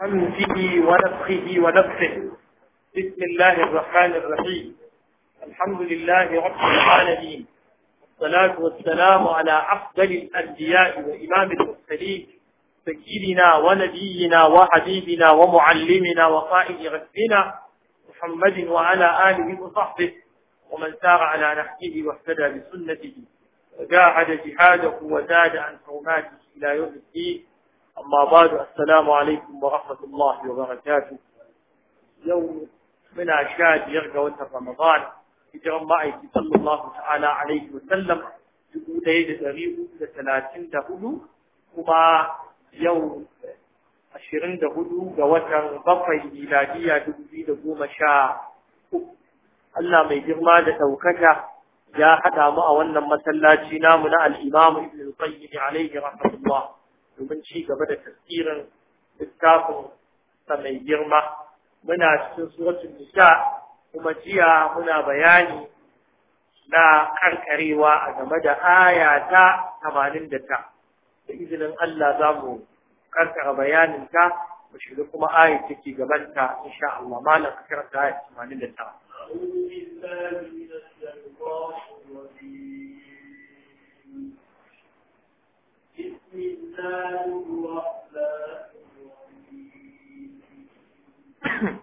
همزه ونفخه ونفخه بسم الله الرحمن الرحيم الحمد لله رب العالمين والصلاة والسلام على أفضل الأنبياء وإمام المرسلين سيدنا ونبينا وحبيبنا ومعلمنا وقائد غسلنا محمد وعلى آله وصحبه ومن سار على نحيه واهتدى بسنته وجاهد جهاده وزاد عن حرماته إلى يوم الدين أما بعد السلام عليكم ورحمة الله وبركاته يوم من أشاد يرجع رمضان hijiran ma'aiki sallallahu ta'ala alaihi wa sallam dubu ɗaya da ɗari uku da talatin da hudu kuma yau ashirin da hudu ga watan bakwai miladiya dubu biyu da goma sha uku Allah mai girma da ɗaukaka ya haɗa mu a wannan masallaci namu na al'imamu ibn al-qayyim domin ci gaba da tasirin littafin sa mai girma muna cikin suratul nisa kuma jiya muna bayani na karkarewa a game da aya ta tamanin da ta da izinin Allah za mu karkara bayanin ta mu shiga kuma aya take gaban ta insha Allah malam karanta aya 80 da ta أعوذ بالله من الشيطان الله الرحمن الرحيم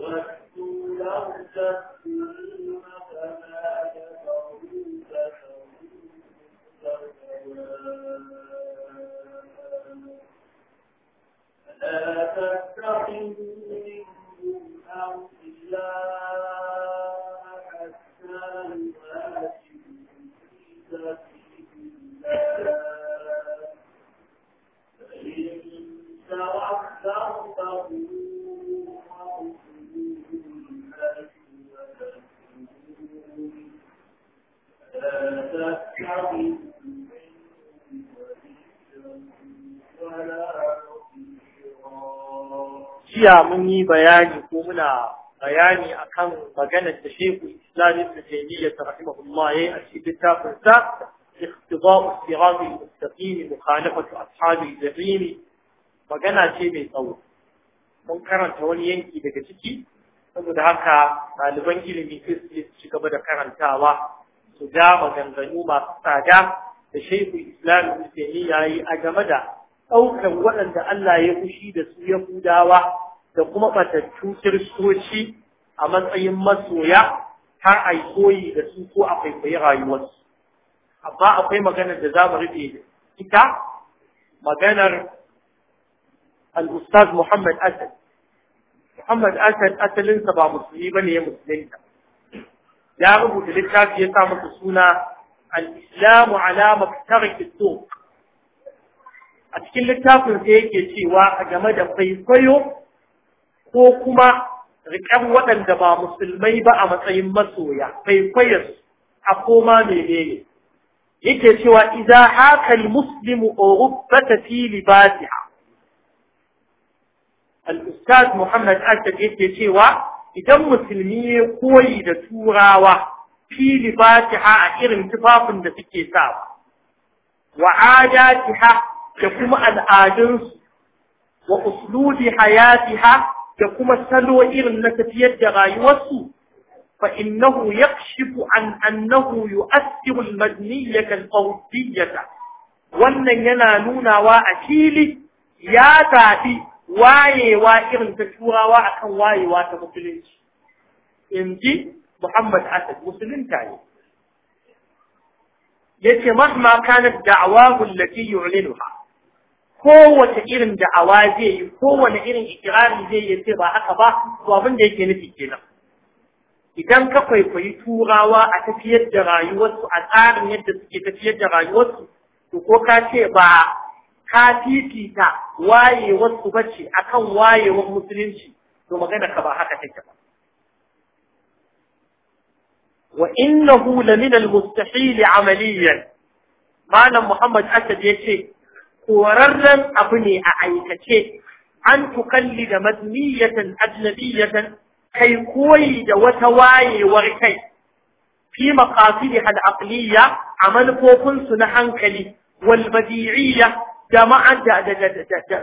واتقوا لو تسلمون فما يفعلون فلا تتخذوا منهم أولياء jiya mun yi bayani ko muna bayani akan maganar da Sheikh Islam Ibn Taymiyyah rahimahullah yayi a cikin littafin sa Iqtida'u Sirat al-Mustaqim Mukhalafatu Ashabi al magana ce mai tsawo mun karanta wani yanki daga ciki saboda haka ɗaliban ilimi sai su ci gaba da karantawa su ga maganganu masu tsada da Sheikh Islam Ibn Taymiyyah yayi a game da ɗaukar waɗanda Allah ya fushi da su Yahudawa da kuma batattu kiristoci a matsayin masoya har a yi koyi da su ko a kwaikwayi rayuwarsu amma akwai maganar da za mu rufe ita maganar al-ustaz Muhammad Asad Muhammad Asad asalinsa ba musulmi bane ya musulunta ya rubuta littafi ya sa masa suna al-islamu ala maftarik a cikin littafin sai yake cewa a game da kwaikwayo ko kuma riƙar waɗanda ba musulmai ba a matsayin masoya kwaikwayar a koma menene yake cewa idza haka almuslimu urubbata fi libasiha al-ustaz Muhammad Asad yake cewa idan musulmi ya koyi da turawa fi libasiha a irin tufafin da suke sa wa adatiha da kuma al'adunsu wa uslubi hayatiha da kuma salo irin na tafiyar da rayuwarsu fa innahu yakshifu an annahu yu'assiru al-madniyyata al wannan yana nunawa a fili ya tafi wayewa irin ta turawa akan wayewa ta musulunci inji Muhammad Asad musulunta ne yace mahma kanat da'awahu allati yu'linuha kowace irin da'awa zai yi kowane irin ikirari zai yi sai ba haka ba to abin da yake nufi kenan idan ka kwaikwayi turawa a tafiyar da rayuwarsu a tsarin yadda suke tafiyar da rayuwarsu to ko ka ce ba ka fifita wayewarsu ba ce kan wayewar musulunci to magana ka ba haka take ba wa innahu lamina al-mustahil amaliyan malam muhammad asad yace korarren abu ne a aikace an tukalli da mazmiyatan ajnabiyatan kai koyi da wata wayewar kai fi maqasidih hal aqliya a manufofinsu na hankali wal badi'iyya da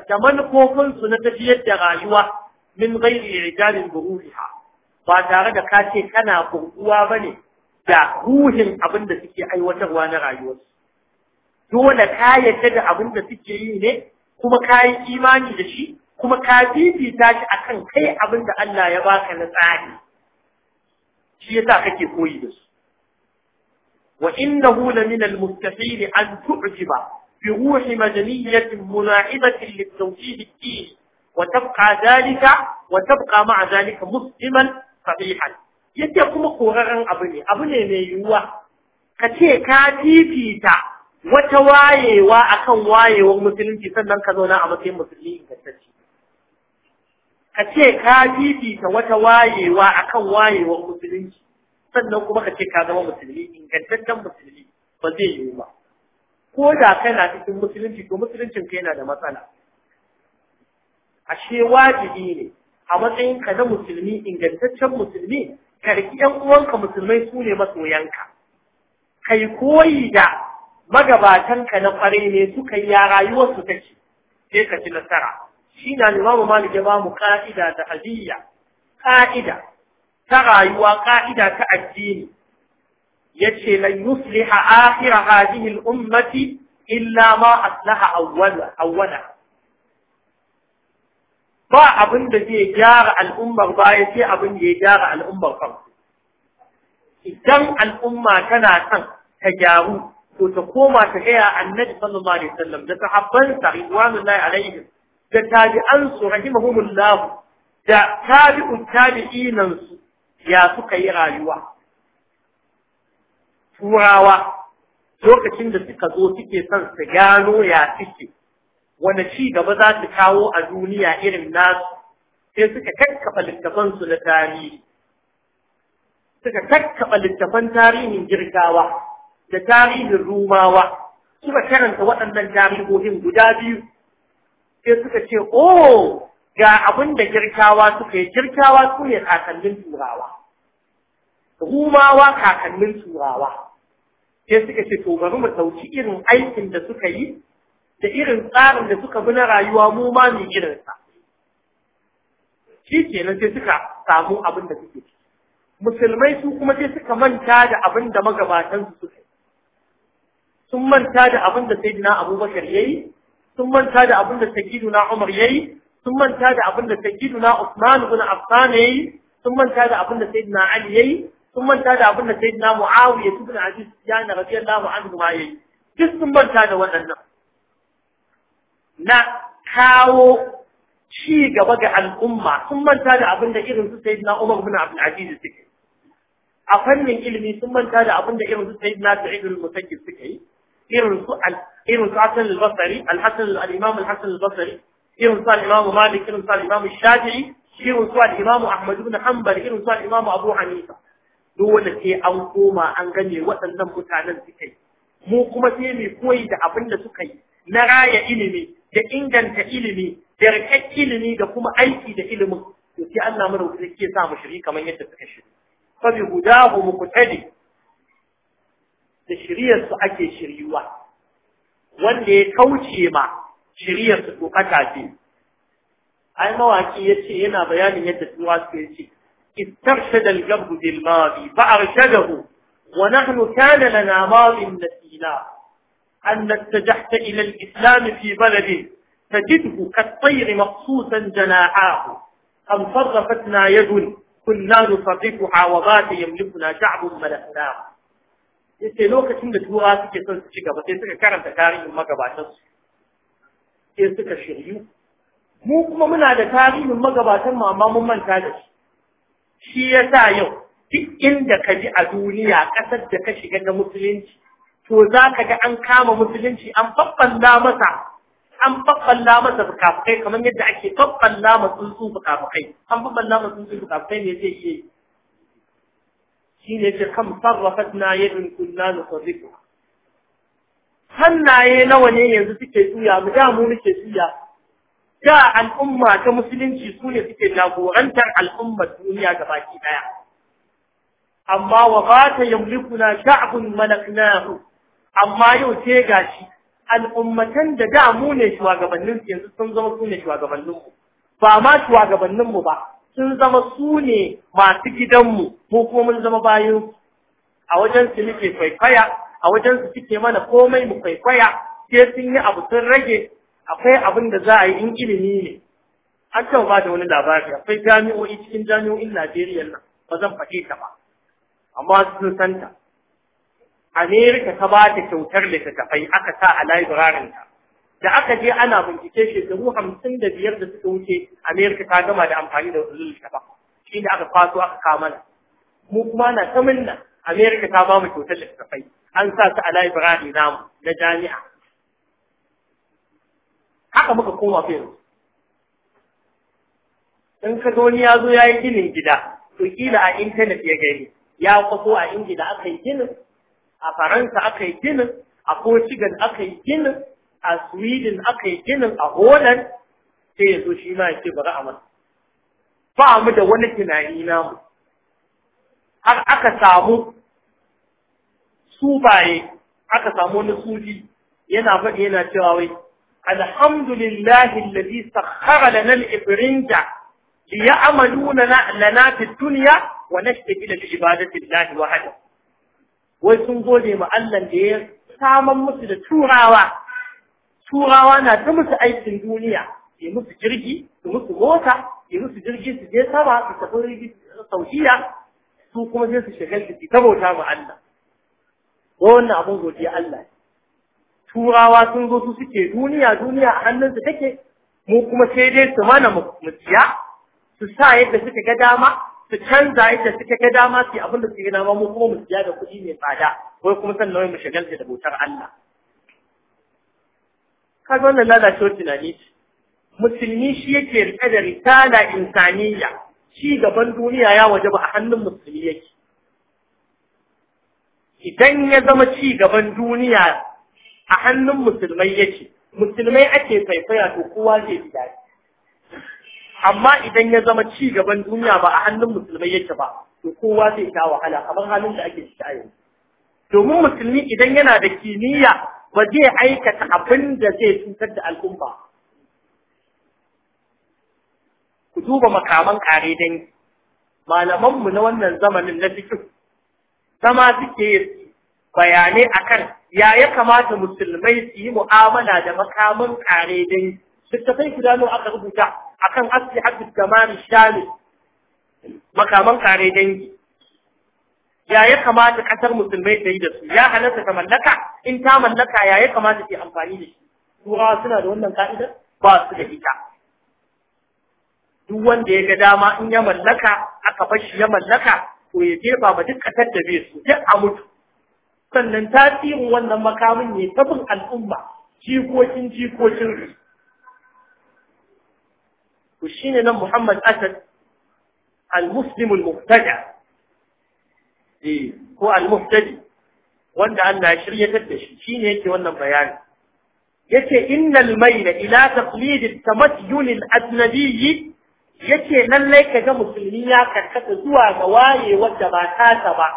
da manufofinsu na tafiyar da rayuwa min ghairi ijalin buruhiha ba tare da ka ce kana burguwa bane da ruhin abin da suke aiwatarwa na rayuwarsu dole ka yadda da abin da suke yi ne kuma ka yi imani da shi kuma ka fifita shi akan kai abin da Allah ya baka na tsari shi yasa kake koyi da su wa innahu la min al mustahil an tu'jiba bi ruhi madaniyat muna'ibat lit tawhid al wa tabqa dhalika wa tabqa ma'a dhalika musliman sahihan yadda kuma koraran abu ne abu ne mai yiwuwa ka ce ka fifita wata wayewa akan wayewar musulunci sannan ka zauna a matsayin musulmi ingantacce ka ce ka bibita wata wayewa akan wayewar musulunci sannan kuma ka ce ka zama musulmi ingantaccen musulmi ba zai yiwu ba ko da kana cikin musulunci to musuluncin ka yana da matsala ashe wajibi ne a matsayin ka na musulmi ingantaccen musulmi ka riki yan uwanka musulmai su ne masoyanka kai koyi da magabatanka na kwarai ne suka yi ya rayuwarsu take sai ka ci nasara shi na limamu malik ya bamu ka'ida da hadiyya ka'ida ta rayuwa ka'ida ta addini yace lan yusliha akhir hadhihi al-ummati illa ma aslaha awwala awwala ba abin da zai gyara al'ummar baya sai abin da ya gyara al'ummar farko idan al'umma tana kan ta gyaru ko ta koma ta gaya annabi sallallahu alaihi wasallam da sahabbansa ridwanullahi alaihim da tabi'an su rahimahumullah da tabi'u tabi'inan su ya suka yi rayuwa turawa lokacin da suka zo suke son su gano ya suke wani ci gaba za su kawo a duniya irin nasu sai suka kakkafa su na tarihi suka kakkafa littafan tarihin girgawa da tarihin rumawa suka karanta waɗannan tarihohin guda biyu sai suka ce oh ga abin da kirkawa suka yi kirkawa su ne kakannin turawa rumawa kakannin turawa sai suka ce to bari mu ɗauki irin aikin da suka yi da irin tsarin da suka bi na rayuwa mu ma mu irinsa shi kenan sai suka samu abin da suke musulmai su kuma sai suka manta da abin da magabatansu suka yi sun manta da abin da sayyidina abubakar yayi sun manta da abin da sayyidina umar yayi sun manta da abin da na usman ibn affan yayi sun manta da abin da sayyidina ali yayi sun manta da abin da sayyidina muawiya ibn aziz yana radiyallahu anhu ma yayi duk sun manta da waɗannan na kawo ci gaba ga al'umma sun manta da abin da irin su sayyidina umar ibn abdul aziz suke a fannin ilimi sun manta da abin da irin su sayyidina sa'id al-musayyib suke yi irin su irin su Hassan al-Basri al-Hassan al-Imam al al-Basri Malik irin al-Imam Shafi'i irin al-Imam Ahmad ibn Hanbal irin su al-Imam Abu Hanifa duk sai an koma an gane waɗannan mutanen suke mu kuma sai mu da abinda suka yi na raya ilimi da inganta ilimi da rikar ilimi da kuma aiki da ilimin to sai Allah mu rubuta ke sa mu shiri kamar yadda suka shiri fa bi hudahu muqtadi da shiryarsu ake shiryuwa wanda ya kauce ma shiryarsu ko kata ce ai mawaki ya yana bayanin yadda su استرشد القلب بالماضي فأرشده ونحن كان لنا ماض نسيناه أن اتجحت إلى الإسلام في بلد تجده كالطير مقصوصا جناحاه أن صرفتنا يد كنا نصرفها وبات يملكنا شعب ملكناه yace lokacin da tura suke son su ci gaba sai suka karanta tarihin magabatansu, sai suka shiryu mu kuma muna da tarihin magabatan mu amma mun manta da shi shi yasa yau duk inda ka ji a duniya ƙasar da ka shiga na musulunci to za ka ga an kama musulunci an faffalla masa an faffalla masa fukafukai kamar yadda ake faffalla ma tsuntsu fukafukai an faffalla ma tsuntsu fukafukai ne zai iya shine ne ce kam sarrafat na yadin kunna na sarrifu hannaye nawa ne yanzu suke juya mu da mu muke juya da al'umma ta musulunci su ne suke jagorantar al'ummar duniya ga baki daya amma wa ba ta na sha'bun malaknahu amma yau ce gashi al'ummatan da da mu ne shugabannin yanzu sun zama su ne shugabannin mu ba ma shugabannin mu ba sun zama su ne masu gidanmu ko kuma mun zama bayan a wajen su muke kwaikwaya a wajen su suke mana komai mu kwaikwaya sai sun yi abu sun rage akwai abin da za a yi in ilimi ne an taɓa ba da wani labari akwai jami'o'i cikin jami'o'in Najeriya nan ba zan faɗi ta ba amma sun santa Amerika ta ba ta kyautar littattafai aka sa a ta. da aka je ana bincike shi shekaru hamsin da biyar da suka wuce amerika ta gama da amfani da ulul shaba shi da aka kwaso aka na mu kuma na ta minna amerika ta bamu kyautar littattafai an sa su a library namu na jami'a haka muka koma fa in ka ya zo ya yi ginin gida to kila a intanet ya gani ya kwaso a ingila aka yi ginin a faransa aka yi ginin a portugal aka yi ginin a Sweden aka yi ginin a Holland sai ya zo shi ma ya ce bari a masa. Ba mu da wani tunani namu. Har aka samu baye, aka samu wani sufi yana faɗi yana cewa wai alhamdulillahi alladhi sakhkhara lana al-ifrinja liya'maluna lana fi dunya wa nashtaghila bi ibadati llahi haɗa? wai sun gode ma Allah da ya saman musu da turawa turawa na ta musu aikin duniya yi musu jirgi su musu mota yi musu jirgi su je sama su tafi saudiya su kuma sai su shiga su ta bauta ma Allah ko wannan abin godiya Allah turawa sun zo su suke duniya duniya a su take mu kuma sai dai su mana mu su sa yadda suka ga dama su canza yadda suka ga dama su yi abin da suke dama mu kuma mu siya da kuɗi mai tsada wai kuma sannan mu shagalta da bautar Allah kaga da lalacewar tunani ce musulmi shi yake rike da risala insaniya ci gaban duniya ya waje ba a hannun musulmi yake idan ya zama ci gaban duniya a hannun musulmai yake musulmai ake faifaya to kowa zai ji amma idan ya zama ci gaban duniya ba a hannun musulmai yake ba to kowa zai sha wahala kamar halin da ake shi a yanzu domin musulmi idan yana da kimiyya ba zai aikata abin da zai cutar da al'umma ku duba makaman ƙare dangi malamanmu na wannan zamanin na fikin zama suke bayanai akan ya ya kamata musulmai su yi mu'amala da makaman don dangi ta sai nawa aka rubuta akan asli hadis da makaman kare dangi ya ya kamata kasar musulmai ta yi da su ya halatta ta mallaka in ta mallaka ya ya kamata ta amfani da shi turawa suna da wannan ka'idar ba su da ita duk wanda ya ga dama in ya mallaka aka bar shi ya mallaka to ya jefa ba duk kasar da bai su duk a mutu sannan tasirin wannan makamin ne ta bin al'umma jikokin jikokin su to shine nan Muhammad Asad al-Muslim al-Muqtada eh ko al-muhtadi wanda Allah ya shiryatar da shi shine yake wannan bayani yace innal mayla ila taqlid at-tamathul al-ajnabi yace lallai kaga musulmi ya karkata zuwa ga waye wanda ba tasa ba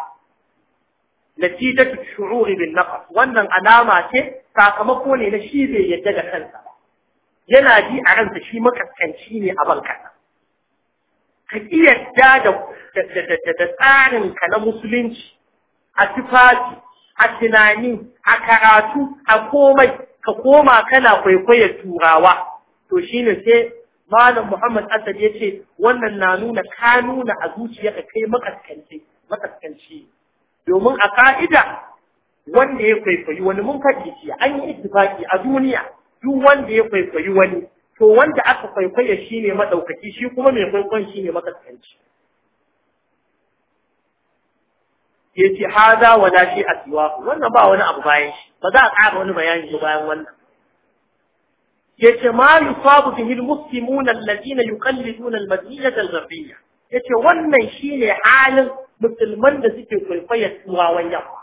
natijatu shu'ur bin naqas wannan alama ce sakamako ne na shi bai yadda da kansa yana ji a ransa shi makaskanci ne a bankansa ka iya da ka na musulunci a tufafi a tunani a karatu a komai ka koma kana kwaikwayar turawa to shine sai malam muhammad asad ya ce wannan na nuna ka nuna a zuciya ka kai makaskanci domin a ka'ida wanda ya kwaikwayi wani mun kaɗe shi an yi ittifaki a duniya duk wanda ya kwaikwayi wani to wanda aka kwaikwaya shi ne maɗaukaki shi kuma mai kwaikwayon shi ne makaskanci ya ce haza wala shi a siwa wannan ba wani abu bayan shi ba za a ƙara wani bayani bayan wannan ya ce ma yusabu bihi almuslimun alladhina yuqalliduna da algharbiyya ya ce wannan shine halin musulman da suke kwaikwaya kwaikwayar wani yawa.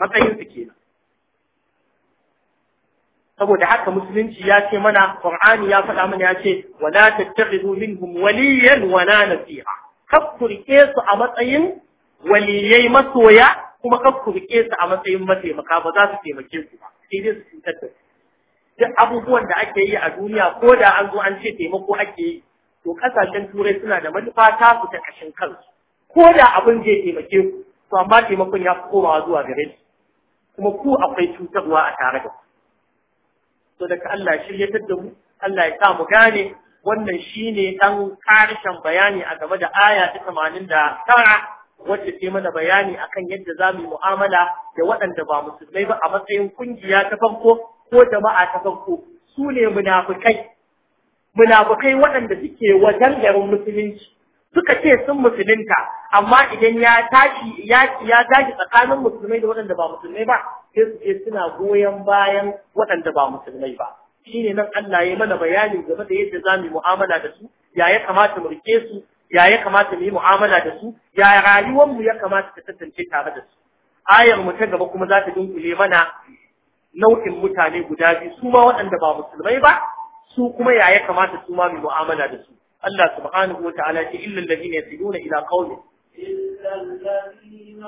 matsayin su kenan saboda haka musulunci ya ce mana qur'ani ya faɗa mana ya ce wala tattakhidhu minhum waliyan wala nasiha kafkur su a matsayin waliyai masoya kuma kafkur su a matsayin mataimaka ba za su taimake su ba sai dai su cutar da duk abubuwan da ake yi a duniya ko da an zo an ce taimako ake yi to kasashen turai suna da manufa ta su ta kashin kansu ko da abin zai taimake ku to amma taimakon ya fi komawa zuwa gare ku kuma ku akwai cutarwa a tare da ku to daga Allah shiryatar da mu Allah ya sa mu gane wannan shine dan karshen bayani a game da aya ta 89 wacce ce mana bayani akan yadda za mu yi mu'amala da waɗanda ba musulmai ba a matsayin kungiya ta farko ko jama'a ta farko su ne munafukai munafukai waɗanda suke wajen garin musulunci suka ce sun musulunta amma idan ya tashi ya ya tashi tsakanin musulmai da waɗanda ba musulmai ba sai su ce suna goyon bayan waɗanda ba musulmai ba shine nan Allah ya mana bayani game da yadda za mu mu'amala da su ya ya kamata mu rike su ya ya kamata mu yi mu'amala da su ya rayuwar mu ya kamata ta tantance tare da su ayar mu ta gaba kuma za ta dunkule mana nau'in mutane guda biyu su ma waɗanda ba musulmai ba su kuma ya ya kamata su ma mu mu'amala da su الله سبحانه وتعالى إلا الذين يصلون إلى قوله إلا الذين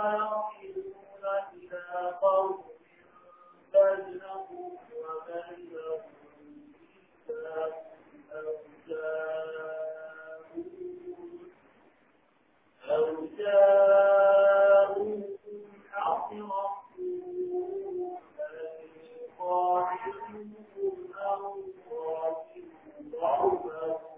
يصلون إلى قوله بينهم وبينهم إلا أو جاءوا أو جاءوا حصرت قاعدهم أو قاعدهم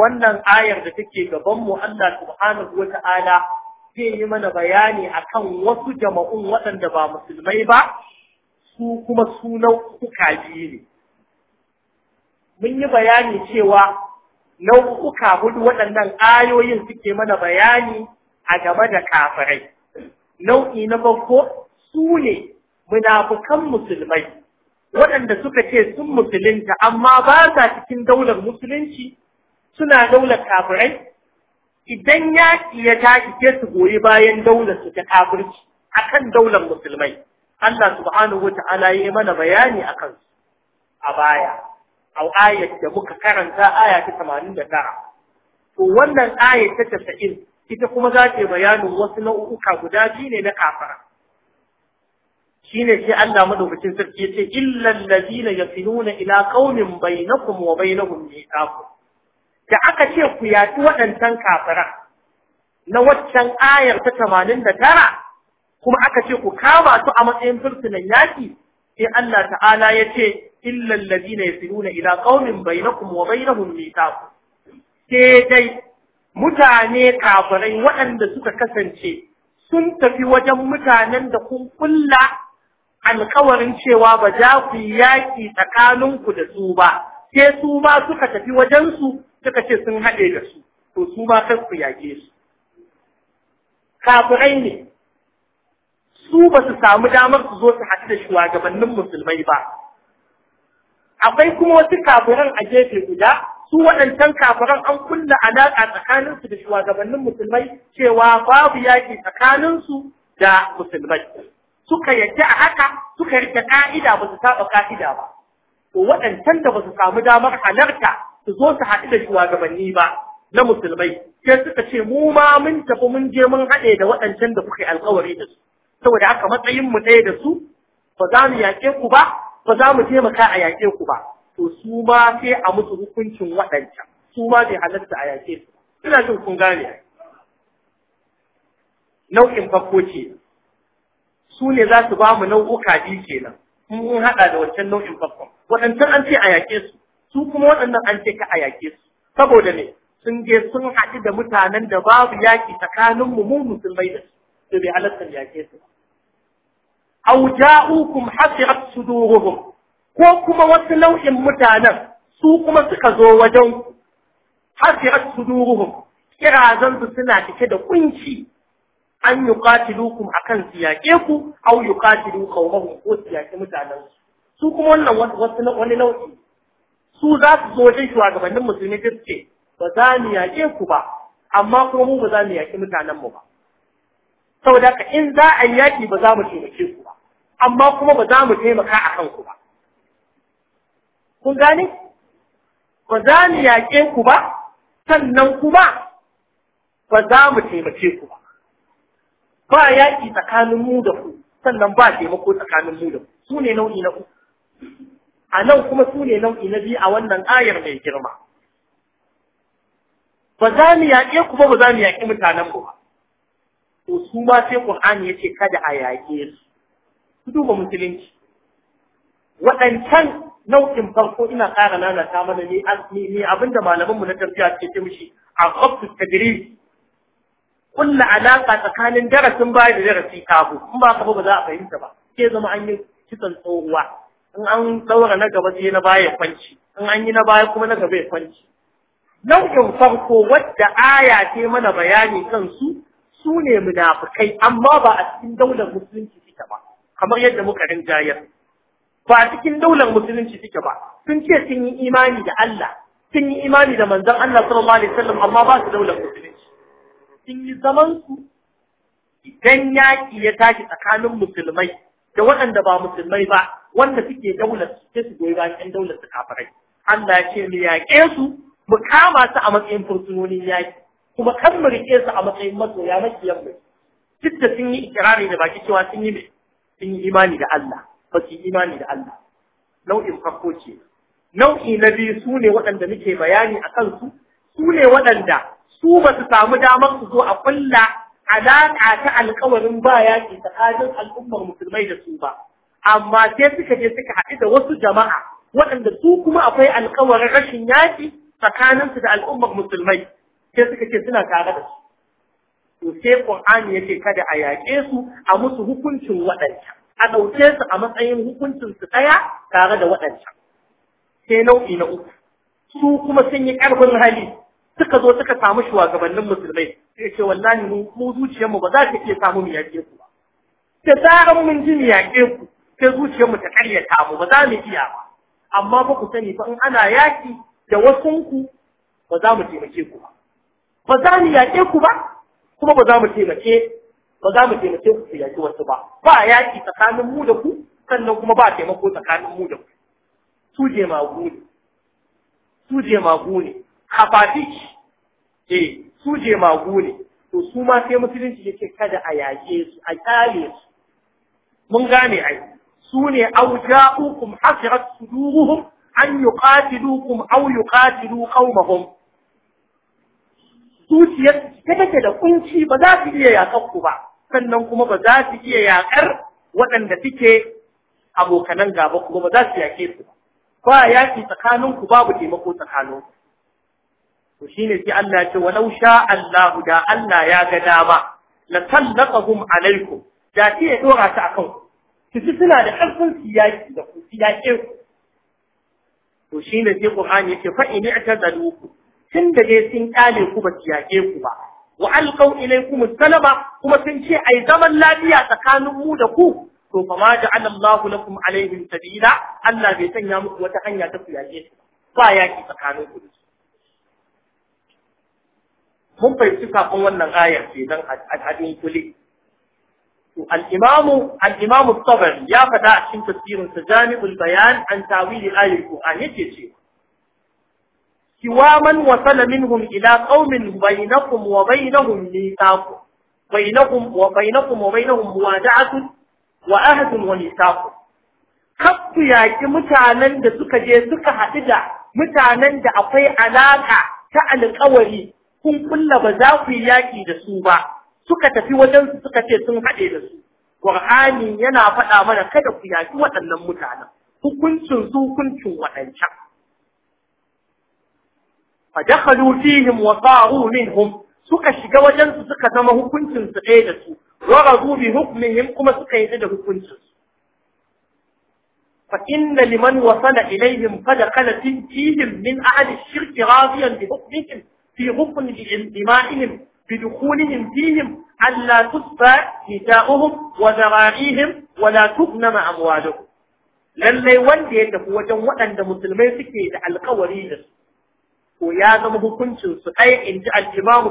wannan ayar da take gabanmu Allah subhanahu wa ta'ala zai yi mana bayani akan wasu jama'un waɗanda ba musulmai ba su kuma su nau'uka biyu ne. Mun yi bayani cewa nau'uka hudu waɗannan ayoyin suke mana bayani a game da kafirai. Nau'i na farko su ne munafukan musulmai waɗanda suka ce sun musulunta amma ba sa cikin daular musulunci suna daular kafirai idan yaƙi ya tashi ke su goyi bayan daular su ta kafirci akan daular musulmai Allah subhanahu wata'ala ya yi mana bayani akan su. a baya a ayat da muka karanta aya ta 89 to wannan aya ta 90 ita kuma za ta bayanin wasu nau'uka guda biyu ne na kafara shine sai Allah madaukakin sarki yace illal ladina yasiluna ila qaumin bainakum wa bainahum miqatun da aka ce ku yaci waɗancan kafiran na waccan ayar ta tamanin da tara kuma aka ce ku kama su a matsayin fursunan yaki sai Allah ta'ala ya ce illal ladina yasiluna ila qaumin bainakum wa bainahum mithaq Ke dai mutane kafirai waɗanda suka kasance sun tafi wajen mutanen da kun kulla alkawarin cewa ba za ku yi yaƙi tsakaninku da su ba sai su ma suka tafi wajensu suka ce sun haɗe da su to su ma kan su yaƙe su kafirai ne su ba su samu damar su zo su haɗu da shugabannin musulmai ba akwai kuma wasu kafiran a gefe guda su waɗancan kafiran an kunna alaƙa tsakaninsu da shugabannin musulmai cewa babu yaƙi tsakaninsu da musulmai suka yadda a haka suka rike ƙa'ida ba su saba ka'ida ba to waɗancan da ba su samu damar halarta su zo su haɗu da shugabanni ba na musulmai sai suka ce mu ma mun tafi mun je mun haɗe da waɗancan da kuka yi alkawari da su saboda haka matsayin mu ɗaya da su ba za mu yaƙe ku ba ba za mu taimaka a yaƙe ku ba to su ma sai a musu hukuncin waɗancan su ma bai halatta a yaƙe su ina jin kun gane nau'in farko ce su ne za su ba mu nau'uka biyu kenan mun haɗa da wancan nau'in farko waɗancan an ce a yaƙe su su kuma waɗannan an ce ka a yaƙe su saboda ne sun je sun haɗu da mutanen da babu yaƙi tsakanin mu mun musulmai da su bai halatta yaƙe su aw ja'ukum hasirat suduruhum ko kuma wasu nau'in mutanen su kuma suka zo wajen ku hasirat suduruhum kirazan su suna cike da kunci an yi yuqatilukum akan su yaƙe ku aw yuqatilu qawmahum ko su yaƙi mutanen su su kuma wannan wasu wani nau'i su za su zo wajen shugabannin musulmi ta suke ba za mu yaƙe ku ba amma kuma mu ba za mu yaƙi mutanen mu ba saboda ka in za a yaƙi ba za mu taimake ku ba amma kuma ba za mu taimaka a kanku ba kun gane ba za mu yaƙe ku ba sannan kuma ba za mu taimake ku ba ba yaƙi tsakanin mu da ku sannan ba taimako tsakanin mu da ku su ne nau'i na uku a nan kuma su ne nau'i na biyu a wannan ayar mai girma ba za mu yaƙe ku ba ba za mu yaƙe mutanen mu ba to su ma sai ya ce kada a yaƙe su su duba musulunci waɗancan nau'in farko ina ƙara lalata mana ne ne abinda malaman mu na tafiya suke ce mishi a ta tadrib kulla alaka tsakanin darasin baya da darasi ta kafin in ba ka ba za a fahimta ba ke zama an yi kitsan tsohuwa in an daura na gaba sai na baya kwanci in an yi na baya kuma na gaba ya kwanci nau'in farko wadda aya ce mana bayani kan su su ne munafukai amma ba a cikin daular musulunci suke ba kamar yadda muka rinjayar ba a cikin daular musulunci suke ba sun ce sun yi imani da Allah sun yi imani da manzon Allah sallallahu alaihi wasallam amma ba su daular musulunci sun yi zaman su idan yaki ya tashi tsakanin musulmai da waɗanda ba musulmai ba wanda suke daular sai su goyi bayan ƴan daular su kafirai Allah ya ce mu yaƙe su mu kama su a matsayin fursunonin yaƙi kuma kan mu riƙe su a matsayin masoya makiyan mu duk da sun yi ikirari da baki cewa sun yi sun yi imani da Allah ba su yi imani da Allah nau'in farko ce nau'i na biyu su ne waɗanda muke bayani a kansu su ne waɗanda su ba su samu damar su zo a kulla alaƙa ta alƙawarin ba yaƙi tsakanin al'ummar musulmai da su ba amma sai suka je suka haɗu da wasu jama'a waɗanda su kuma akwai alkawarin rashin yaƙi tsakaninsu da al'ummar musulmai sai suka ce suna tare da su to sai ya yake kada a yaƙe su a musu hukuncin waɗancan a ɗauke su a matsayin hukuncin su ɗaya tare da waɗancan sai nau'i na uku su kuma sun yi ƙarfin hali suka zo suka samu shugabannin musulmai sai ce wallahi mu zuciyarmu ba za ta iya samu mu yaƙe ku ba da zaran mun ji mu yaƙe ku sai zuciyarmu ta karyata mu ba za mu iya ba amma ba ku sani ba in ana yaki da ku ba za mu taimake ku ba ba za mu yaƙe ku ba kuma ba za mu taimake ba za mu taimake ku yaƙi wasu ba ba yaƙi tsakanin mu da ku sannan kuma ba taimako tsakanin mu da ku su je magu ne su je magu ne hafafic eh su je ne to su ma sai musulunci yake kada a yaƙe su a kyale su mun gane ai sune aw ja'ukum hasirat suduruhum an yuqatilukum aw yuqatilu qaumahum zuciyar ta take da kunci ba za su iya yakar ku ba sannan kuma ba za su iya yakar waɗanda suke abokanan gaba kuma ba za su yake su ba ba yaki tsakaninku babu taimako tsakaninku to shine sai Allah ya ce walau sha Allah da Allah ya ga dama la sallaqahum alaikum da iya dora ta akan ku su suna da ƙarfin siyaki da ku siyake ku to shi ne sai Qur'ani yake fa in i'tazalu ku tun da dai sun ƙyale ku ba siyake ku ba wa alqau ilaykum salama kuma sun ce ai zaman lafiya tsakanin mu da ku to fa ma ja'ala Allahu lakum alaihim sabila Allah bai sanya muku wata hanya ta siyake ku ba yaki tsakanin ku mun fahimci kafin wannan ayar ce dan hadin kulli الإمام الإمام الطبري يا فتاة شن تفسير تجامع البيان عن تاويل آية القرآن يتيجي سوى من وصل منهم إلى قوم بينكم وبينهم ميثاق بينكم وبينكم وبينهم موادعة وأهد وميثاق كف ياكي متعنان دا سكا جي سكا حتدا متعنان دا أقوي علاقة تأل القولي كن كل بزاقي ياكي دا سوبا suka tafi wajen su suka ce sun haɗe da su Ƙur'ani yana faɗa mana kada ku yaki waɗannan mutanen hukuncin su hukuncin waɗancan fa dakhalu fihim wa saru minhum suka shiga wajen su suka zama hukuncin su ɗaya da su wa radu bi hukmihim kuma suka yi da hukuncin su fa inna liman wasala ilaihim fa dakhala fihim min ahli shirki radiyan bi hukmihim fi hukm bi intima'ihim بدخولهم فيهم ألا تتبع نساؤهم وذراعيهم ولا تغنم أموالهم lallai wanda ya tafi wajen waɗanda musulmai suke da alkawari da su Ko ya zama hukuncin su ɗaya in ji al-imam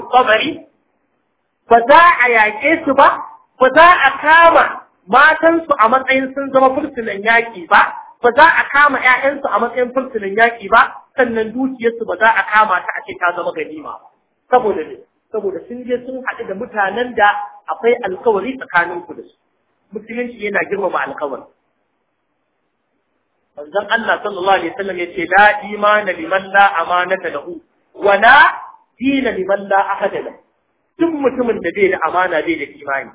ba za a yaƙe su ba ba za a kama matansu a matsayin sun zama fursunan yaƙi ba ba za a kama 'ya'yansu a matsayin fursunan yaƙi ba sannan dukiyarsu ba za a kama ta a ce ta zama ganima saboda ne saboda sun je sun haɗu da mutanen da akwai alkawari tsakanin ku da su musulunci yana girmama alkawari manzon Allah sallallahu alaihi wasallam yace la imana liman la amanata lahu wa la dina liman la ahada lahu duk mutumin da bai da amana bai da imani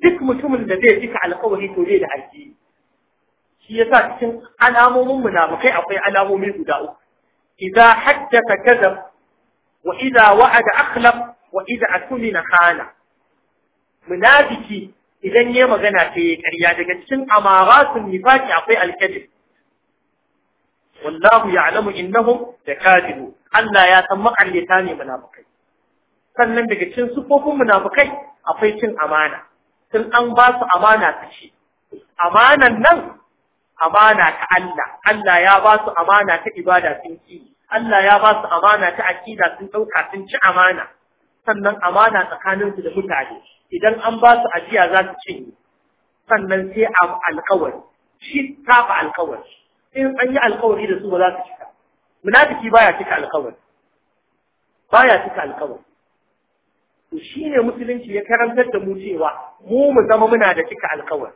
duk mutumin da bai cika alkawari to bai da addini shi yasa cikin alamomin munafikai akwai alamomi guda uku idza haddatha kadhab wa idza wa'ada akhlaf wa idza atumina khana munafiki idan yayi magana ta ya ƙarya daga cikin amaratul nifaqi akwai al-kadhib wallahu ya'lamu innahum lakadibu Allah ya san maƙaryata ne munafikai sannan daga cikin sufofin munafikai akwai cin amana tun an ba su amana ta ci amanan nan amana ta Allah Allah ya ba su amana ta ibada sun ci Allah ya ba su amana ta akida sun ɗauka sun ci amana sannan amana tsakaninsu da mutane idan an ba su ajiya za su cinye sannan sai a alkawari shi ta fa alkawari in an yi alkawari da su ba za su cika munafiki baya cika alkawari baya cika alkawari to shine musulunci ya karantar da mu cewa mu mu zama muna da cika alkawari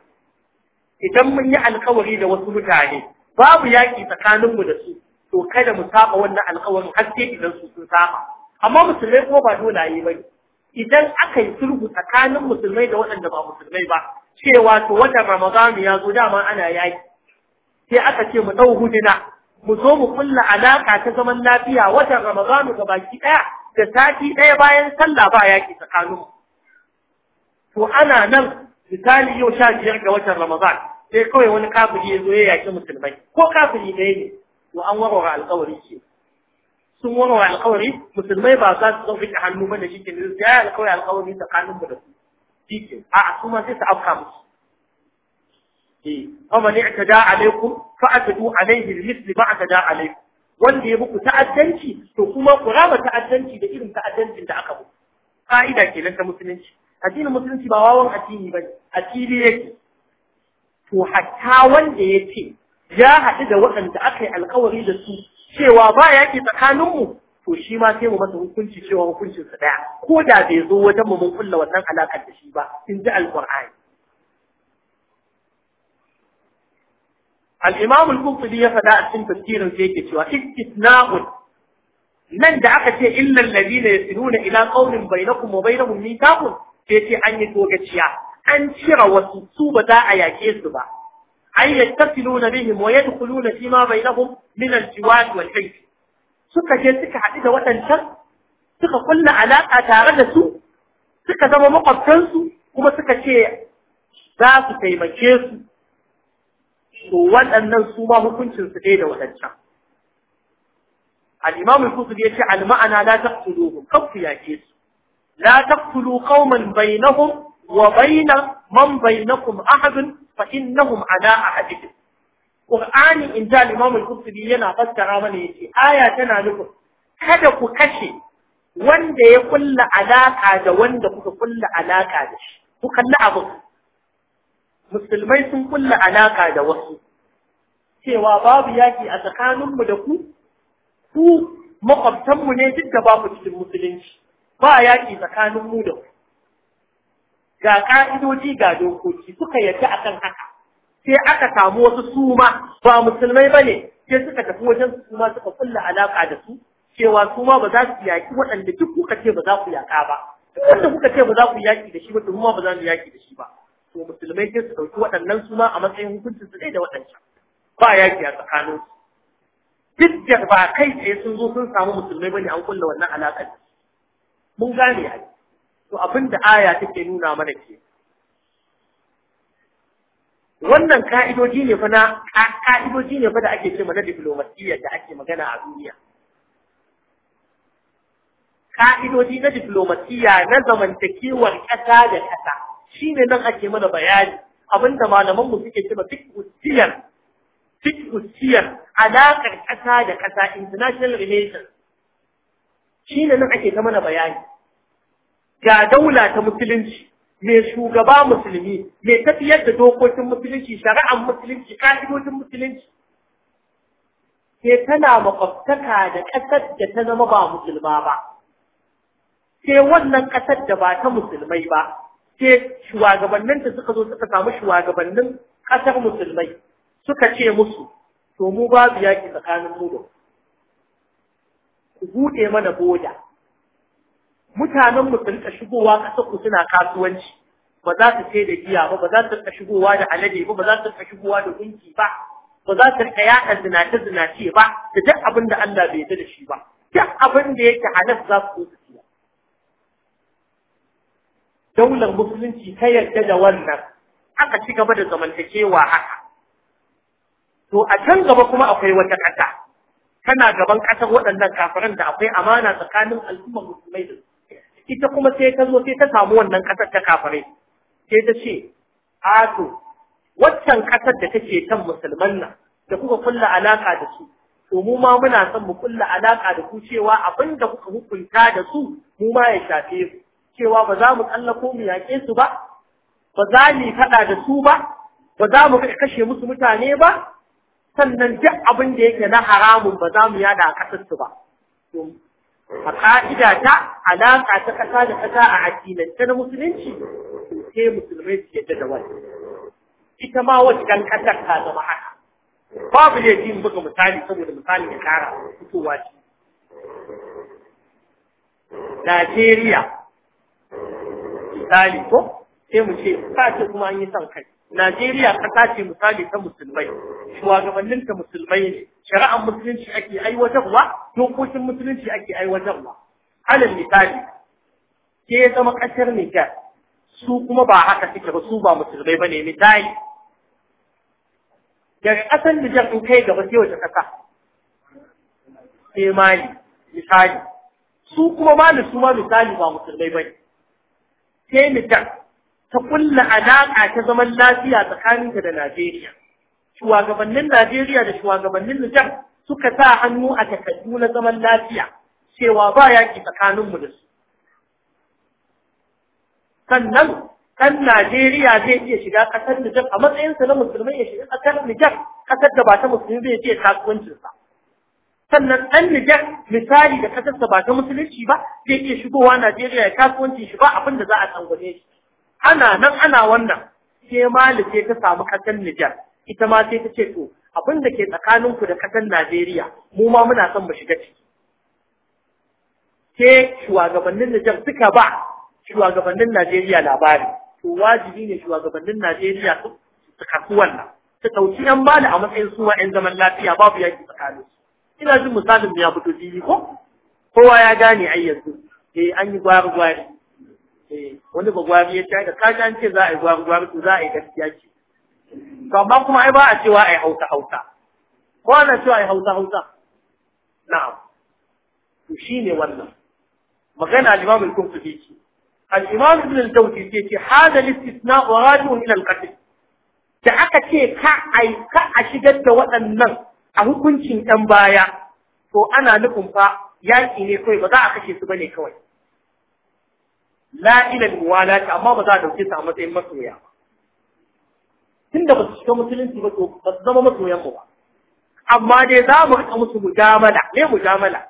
idan mun yi alkawari da wasu mutane babu yaki tsakaninmu da su to kada mu saba wannan alƙawarin har sai idan su sun saba amma musulmai kuma ba dolaye ba idan aka yi sulhu tsakanin musulmai da waɗanda ba musulmai ba cewa to watan ramadanu ya zo dama ana yaki sai aka ce mu ɗau huduna mu zo mu kulla alaƙa ta zaman lafiya watan ramadanu ga baki ɗaya da sati ɗaya bayan sallah ba yaki tsakanin to ana nan misali yau sha biyar ga watan ramadan sai kawai wani kafiri ya zo ya yaki musulmai ko kafiri ɗaya ne to an warware alƙawari ke sun warware alƙawari musulmai ba za su ɗauki da hannu ba da shi ke ne ya yi alƙawari alƙawari tsakanin mu da su shi ke a kuma sai su afka musu eh amma ne ta da alaikum fa atadu alaihi misli ma ta da alaikum wanda ya muku ta'addanci to kuma ku raba ta'addanci da irin ta'addancin da aka muku ka'ida kenan ta musulunci addinin musulunci ba wawan addini bane addini yake to hatta wanda ya ce ya haɗu da waɗanda aka yi alkawari da su cewa ba ke tsakaninmu to shi ma sai mu masa hukunci cewa hukuncinsa ɗaya ko da bai zo wajen mu mun kulla wannan alaƙar da shi ba in ji alƙur'ani Al'imamu ya faɗa a cikin tafsirin sai yake cewa istithna'un nan da aka ce illa alladhina yasiluna ila bai bainakum wa bainahum mithaqun sai ce an yi togaciya an cire wasu su ba za a yaƙe su ba أي يتصلون بهم ويدخلون فيما بينهم من الجواد والحيف suka je suka haɗu da waɗancan suka kulla alaƙa tare da su ka zama makwabtansu kuma suka ce za su taimake su to waɗannan su ma ɗaya da waɗancan الإمام الكوفي يقول المعنى لا تقتلوهم كف ياكيس لا تقتلوا قوما بينهم وبين من بينكم أحد fa innahum ala ahadihim Qur'ani in ji Imam al-Qurtubi yana fassara mana ya ce. aya tana nufin kada ku kashe wanda ya kulla alaka da wanda kuka kulla alaka da shi ku kalli abin musulmai sun kulla alaka da wasu cewa babu yaki a tsakaninmu da ku ku makwabtanmu ne duk da ba cikin musulunci ba yaki tsakaninmu da ku ga ka'idoji ga dokoki suka yadda akan haka sai aka samu wasu suma ba musulmai bane sai suka tafi wajen suma suka kulla alaka da su cewa suma ba za su yaki waɗanda duk kuka ce ba za ku yaka ba duk wanda kuka ce ba za ku yaki da shi ba kuma ba za mu yaki da shi ba to musulmai sai su ɗauki waɗannan suma a matsayin hukuncin su da waɗancan ba yaki a tsakanin duk da ba kai tsaye sun zo sun samu musulmai bane an kulla wannan alaka mun gane a to abin da aya take nuna mana ke wannan ka'idoji ne fa na ka'idoji ne fa da ake cewa na diplomasiyyar da ake magana a duniya ka'idoji na diplomasiyya na zamantakewar ƙasa da ƙasa shine nan ake mana bayani abinda malaman mu suke cewa fiqhusiyar usiyar alaƙar ƙasa da ƙasa international relations shine nan ake ta mana bayani ga daula ta musulunci mai shugaba musulmi mai tafiyar da dokokin musulunci shari'ar musulunci ka'idojin musulunci ke tana makwabtaka da ƙasar da ta zama ba musulma ba sai wannan ƙasar da ba ta musulmai ba sai shugabannin suka zo suka samu shugabannin ƙasar musulmai suka ce musu to mu babu yaƙi tsakanin mu da ku buɗe mana boda mutanen mu sun shigowa kasar ku suna kasuwanci ba za su ce da giya ba ba za su rika shigowa da alade ba ba za su rika shigowa da gunki ba ba za su rika yaɗa zinace zinace ba da duk abin da Allah bai yarda da shi ba duk abin da yake halal za su su siya daular musulunci ta yarda da wannan aka ci gaba da zamantakewa haka to a can gaba kuma akwai wata kasa tana gaban kasar waɗannan kafiran da akwai amana tsakanin al'ummar musulmai da su ita kuma sai ta zo sai ta samu wannan ƙasar ta kafare sai ta ce ato waccan ƙasar da take kan musulman nan da kuka kulla alaka da su to mu ma muna son mu kulla alaka da ku cewa abin kuka hukunta da su mu ma ya shafe su cewa ba za mu tsallako mu yaƙe su ba ba za mu faɗa da su ba ba za mu kashe musu mutane ba sannan duk abin da yake na haramun ba za mu yada a ƙasar su ba a ƙa'ida ta alaƙa ta ƙasa da ƙasa a addinance na musulunci sai musulmai su yadda da wani ita ma wajen ƙasar ta zama haka babu ne buga misali saboda misali ya ƙara fitowa ce Najeriya misali ko sai mu ce ta ce kuma an yi son kai Najeriya ƙasa ce misali ta musulmai, shugabannin ta musulmai ne, shari'ar musulunci ake aiwatarwa, dokokin musulunci ake aiwatarwa. Alal misali, ke ya zama ƙasar Nijar, su kuma ba haka suke ba su ba musulmai ba ne misali. Daga ƙasar Nijar in kai gaba sai wata ƙasa. Sai Mali, misali. Su kuma Mali su ma misali ba musulmai ba ne. Sai Nijar, ta kulla alaƙa ta zaman lafiya tsakaninta da Najeriya. Shugabannin Najeriya da shugabannin Nijar suka sa hannu a takardu na zaman lafiya cewa ba yaƙi tsakaninmu da su. Sannan ɗan Najeriya zai iya shiga ƙasar Nijar a matsayinsa na musulmai ya shiga ƙasar Nijar ƙasar da ba ta musulmi zai iya kasuwancinsa. Sannan ɗan Nijar misali da ƙasarsa ba ta musulunci ba zai iya shigowa Najeriya ya kasuwancin shi ba abinda za a tsangwane shi. ana nan ana wannan ke Mali ce ta samu kasar Nijar ita ma sai ta ce to abin da ke tsakanin ku da kasar Najeriya mu ma muna son mu shiga ciki Ke shugabannin Nijar suka ba shugabannin Najeriya labari to wajibi ne shugabannin Najeriya su kasu wannan su ɗauki ‘yan mali a matsayin suwa ‘yan zaman lafiya babu yaki tsakanin Ina jin misalin ya fito fili ko? Kowa ya gane ai yanzu, eh an yi gwari-gwari. Eh, wani bagwari ya ta da kaji an ce za a yi gwari gwari to za a yi gaskiya ce to amma kuma ai ba a cewa ai hausa hausa ko ana cewa ai hausa hausa na'am to shine wannan magana al-imam al-qurtubi ce al-imam ibn al-jawzi ce ce hada al-istisna wa radu ila al-qatl da aka ce ka ai ka a shigar da waɗannan a hukuncin ɗan baya to ana nufin fa yaki ne kawai ba za a kashe su bane kawai la ila muwalati amma ba za a dauke su a matsayin masoya ba tunda ba su shiga musulunci ba to ba su zama masoyan ba amma dai za mu rika musu mujamala ne mujamala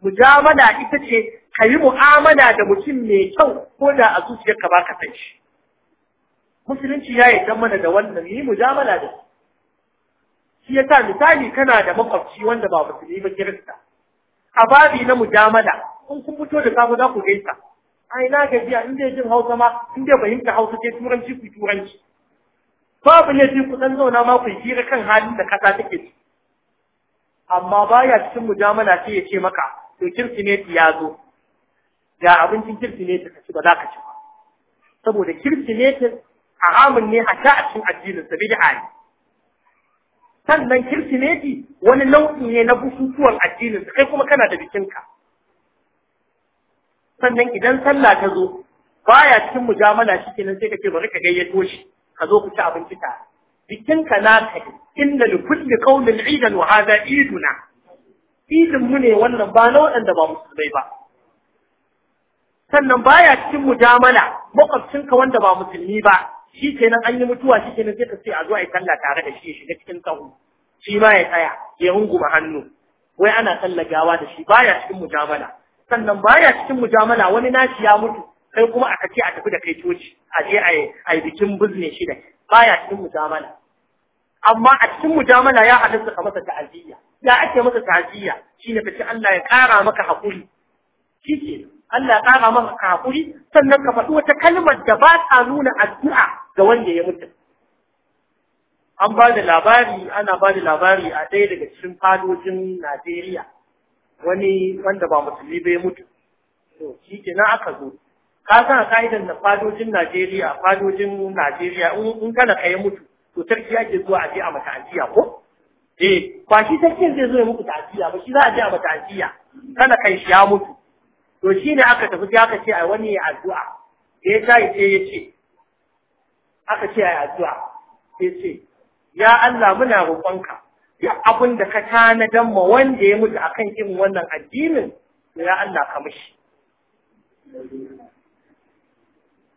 mujamala ita ce ka yi mu'amala da mutum mai kyau ko da a ka ba ka san shi musulunci ya yi mana da wannan yi mujamala da shi ya yasa misali kana da makwabci wanda ba musulmi ba kirista a babi na mujamala in kun fito da safe za ku gaisa ai na gajiya in bai jin hausa ma in bai fahimta hausa ke turanci ku turanci babu ne ku san zauna ma ku hira kan halin da kasa take ci. amma baya cikin mujamala sai ya ce maka to kirsimeti ya zo ga abincin kirsimeti ka ci ba za ka ci ba saboda kirsimeti haramun ne a ta a cikin addinin sa bid'a ne sannan kirsimeti wani nau'i ne na bukukuwan addinin kai kuma kana da bikinka sannan idan sallah ta zo baya cikin mujamala nan sai ka bari ka gayyato shi ka zo ku ci abinci tare bikinka na ne inda li kulli qawlin idan wa iduna idin mu ne wannan ba na waɗanda ba musulmai ba sannan baya cikin mujamala makwabcinka wanda ba musulmi ba shi kenan an yi mutuwa shi kenan sai ka ce a zo a sallah tare da shi ya shiga cikin sahu shi ma ya tsaya ya runguma hannu wai ana sallah gawa da shi baya cikin mujamala sannan baya cikin mujamala wani nashi ya mutu sai kuma aka ce a tafi da kai coci a je a yi bikin bizne shi da baya cikin mujamala amma a cikin mujamala ya halatta ka masa ta'aziyya ya ake masa ta'aziyya shine ka ce Allah ya kara maka hakuri kike Allah ya kara maka hakuri sannan ka faɗi wata kalmar da ba ta nuna addu'a ga wanda ya mutu an ba da labari ana ba da labari a ɗaya daga cikin fadojin Najeriya wani wanda ba musulmi bai mutu to shi ke na aka zo ka sa a ka'idan na fadojin Najeriya fadojin Najeriya in kana kai mutu to sarki ake zuwa a je a mata ajiya ko eh ba shi Sarki zai zo ya muku ta'aziyya ba shi za a je a mata ajiya kana kai shi ya mutu to shi ne aka tafi sai aka ce a wani ya addu'a ya tayi ce ya ce aka ce yi addu'a ya ce ya Allah muna roƙonka duk abin da ka tanadan ma wanda ya mutu akan irin wannan addinin ya Allah ka mishi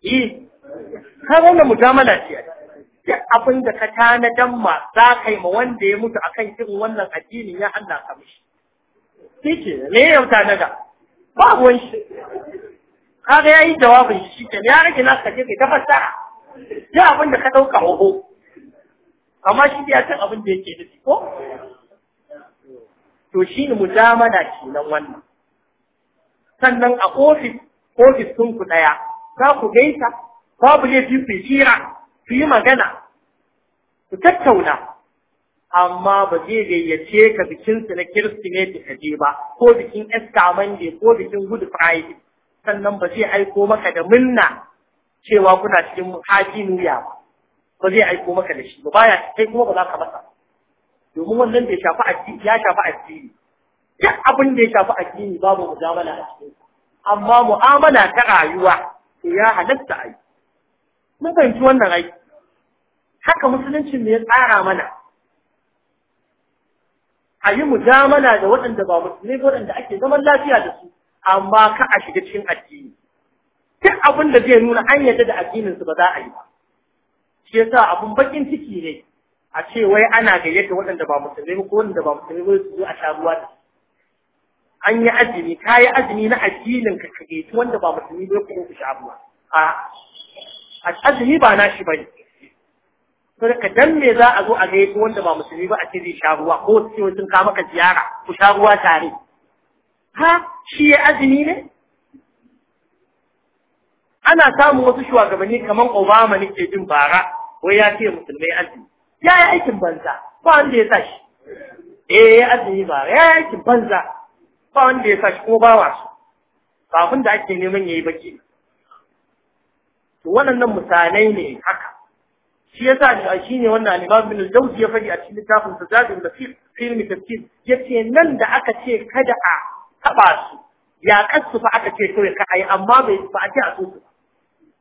Yi, ka wannan mujamala ce duk abin da ka tanadan ma za ka yi ma wanda ya mutu akan irin wannan addinin ya Allah ka mishi kike me ya tanada ba ruwan shi kaga yayi jawabin shi kenan ya rage na ka je ka fassara ya abin da ka dauka hoho amma shi ya san abin da yake nufi ko to shi ne ke kenan wannan sannan a ofis ofis sun ku ɗaya. za ku gaisa babu laifi fi hira ku yi magana ku tattauna amma ba zai gayyace ka bikin su na kirsimeti ka je ba ko bikin easter monday ko bikin good friday sannan ba zai aiko maka da minna cewa kuna cikin haji nuya ba ba zai aiko maka da shi ba baya kai kuma ba za ka masa domin wannan da ya shafi addini ya shafi addini duk abin da ya shafi addini babu mujamala a cikin amma mu'amala ta rayuwa to ya halatta ai mun fahimci wannan ai haka musulunci ne ya tsara mana a yi mujamala da waɗanda ba musulmi waɗanda ake zaman lafiya da su amma ka a shiga cikin addini duk abin da zai nuna an yadda da addininsu ba za a yi ba shi yasa abun bakin ciki ne a ce wai ana gayyata waɗanda ba ba ko waɗanda ba ba su a taruwa da an yi azumi ka yi azumi na addinin ka kage wanda ba musulmi ba ko ku sha ruwa a azumi ba ba ne to da dan me za a zo a gayyata wanda ba musulmi ba a ce zai sha ruwa ko sai sun ka ziyara ku sha ruwa tare ha shi ya azumi ne ana samun wasu shugabanni kamar Obama ke jin bara wai ya ce musulmai azumi ya yi aikin banza ba wanda ya sa shi eh ya azumi bara ya yi aikin banza ba wanda ya sa shi kuma ba su ba abin da ake neman yayi baki to nan misalai ne haka shi yasa shi ne wannan al-Imam Ibn al-Jawzi ya faɗi a cikin littafin sa Zadul da Film Tafsir yace nan da aka ce kada a taba su ya kasu fa aka ce kawai ka ai amma bai fa a ce a so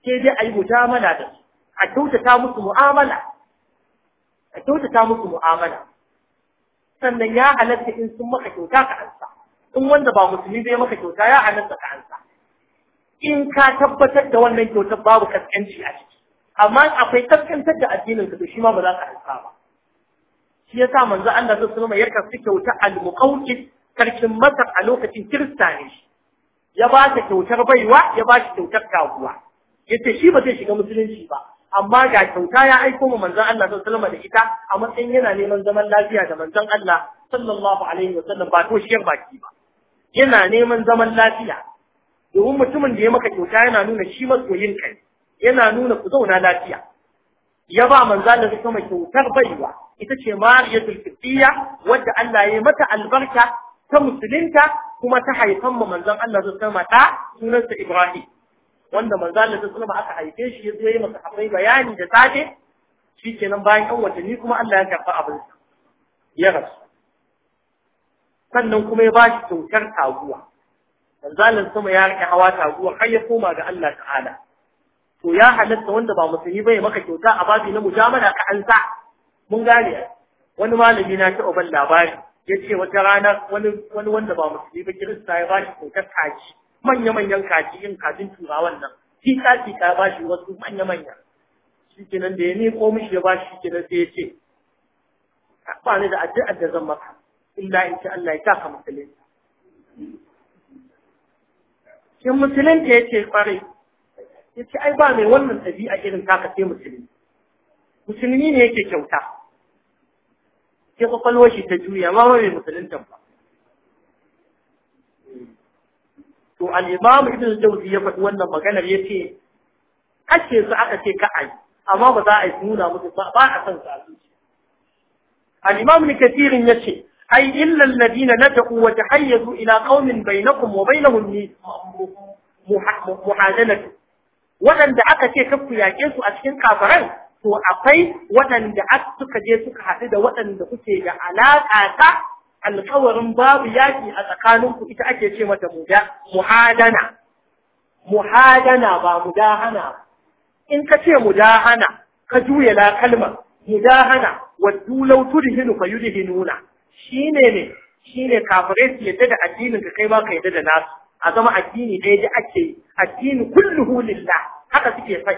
sai dai a yi mujamala da su a kyautata musu mu'amala a kyautata musu mu'amala sannan ya halatta in sun maka kyauta ka ansa in wanda ba musulmi bai maka kyauta ya halatta ka ansa in ka tabbatar da wannan kyautar babu kaskanci a ciki amma akwai kaskantar da addinin ka to shi ma ba za ka ansa ba shi yasa manzo Allah sallallahu alaihi wasallam ya kasu kyauta al-muqawqit sarkin Masar a lokacin Kirista ne ya ba ta kyautar baiwa ya ba shi kyautar kaguwa yace shi ba zai shiga musulunci ba amma ga kyauta ya aiko mu manzon Allah sallallahu alaihi da ita a matsayin yana neman zaman lafiya da manzon Allah sallallahu alaihi wasallam ba to baki ba yana neman zaman lafiya domin mutumin da ya maka kyauta yana nuna shi masoyin kai yana nuna ku zauna lafiya ya ba manzo Allah zai kuma kyautar baiwa ita ce Mariyatul Qibtiyya wadda Allah ya mata albarka ta musulunta kuma ta haifan mu manzon Allah sallallahu alaihi wasallam sunansa Ibrahim wanda manzo Allah ta sallama aka haife shi yazo yayi masa abai bayani da safe shikenan bayan ɗan watanni kuma Allah ya karɓa abin ya rasu sannan kuma ya ba shi kyautar taguwa manzo Allah sama ya rike hawa taguwa har ya koma ga Allah ta'ala to ya halatta wanda ba musulmi bai maka kyauta a babi na mujamala ka an sa mun gane wani malami na taɓa ban labari ya ce wata rana wani wanda ba musulmi ba kirista ya ba shi kyautar kaji manya-manyan kaji yin kajin turawan nan tika tika ba shi wasu manya-manya shi kenan da ya ko mishi ya ba shi kenan sai ya ce ba ni da addu'ar da zan maka illa in ce Allah ya ka musulun. in musulunta ya ce kwarai ya ce ai ba mai wannan a irin taka sai musulun. musulmi ne yake kyauta sai kwakwalwar shi ta juya ma mai musuluntan ba to al-imam ibn ya faɗi wannan maganar yace ake su aka ce ka ai amma ba za a yi nuna musu ba ba a san su a zuciya al-imam ibn kathir yace ai illa alladhina nad'u wa bai na qaumin bainakum wa bainahum muhadanatu waɗanda aka ce ka ku yaƙe su a cikin kafaran to akwai waɗanda suka je suka haɗu da waɗanda kuke da alaƙa ta alkawarin babu yaki a tsakaninku ita ake ce mata muhadana muhadana ba mudahana in ka ce mudahana ka juya la kalma mudahana waddu law fa fayudhinuna shine ne shine kafirai su yadda da addinin ka kai ma ka yadda da nasu a zama addini ɗaya da ake addini kulluhu lillah haka suke sai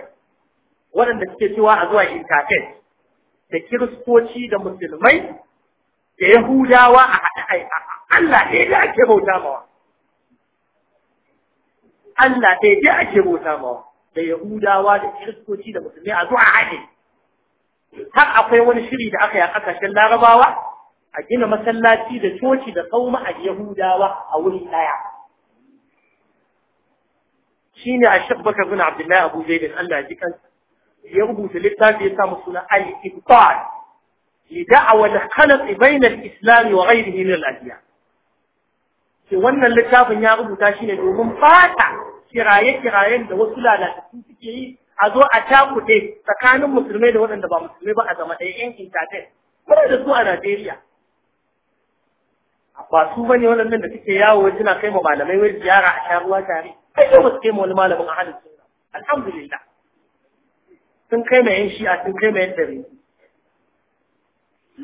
waɗanda suke cewa a zuwa intafet da kiristoci da musulmai da Yahudawa a haɗe Allah ɗaya da ake bauta mawa. Allah ɗaya da ake bauta mawa da Yahudawa da Kiristoci da Musulmi a zuwa haɗe. Har akwai wani shiri da aka yi a ƙasashen Larabawa a gina masallaci da coci da kauma a Yahudawa a wuri ɗaya. Shi ne a shabbaka zuna Abdullahi Abu Zaidin Allah ji kansa. Ya rubuta littafi ya samu suna Ali Ibtal لدعوى الخلط بين الإسلام وغيره من الأديان ke wannan littafin ya rubuta shi ne domin fata kiraye-kirayen da wasu lalatattu suke yi a zo a takuɗe tsakanin musulmai da waɗanda ba musulmai ba a zama ɗaya yan intanet kuma da su a Najeriya. Ba su ba ne waɗannan da suke yawo suna kai ma malamai wai ziyara a sha tare. Kai yau ba su kai ma wani malamin a halin sunna. Alhamdulillah. Sun kai ma yan shi'a sun kai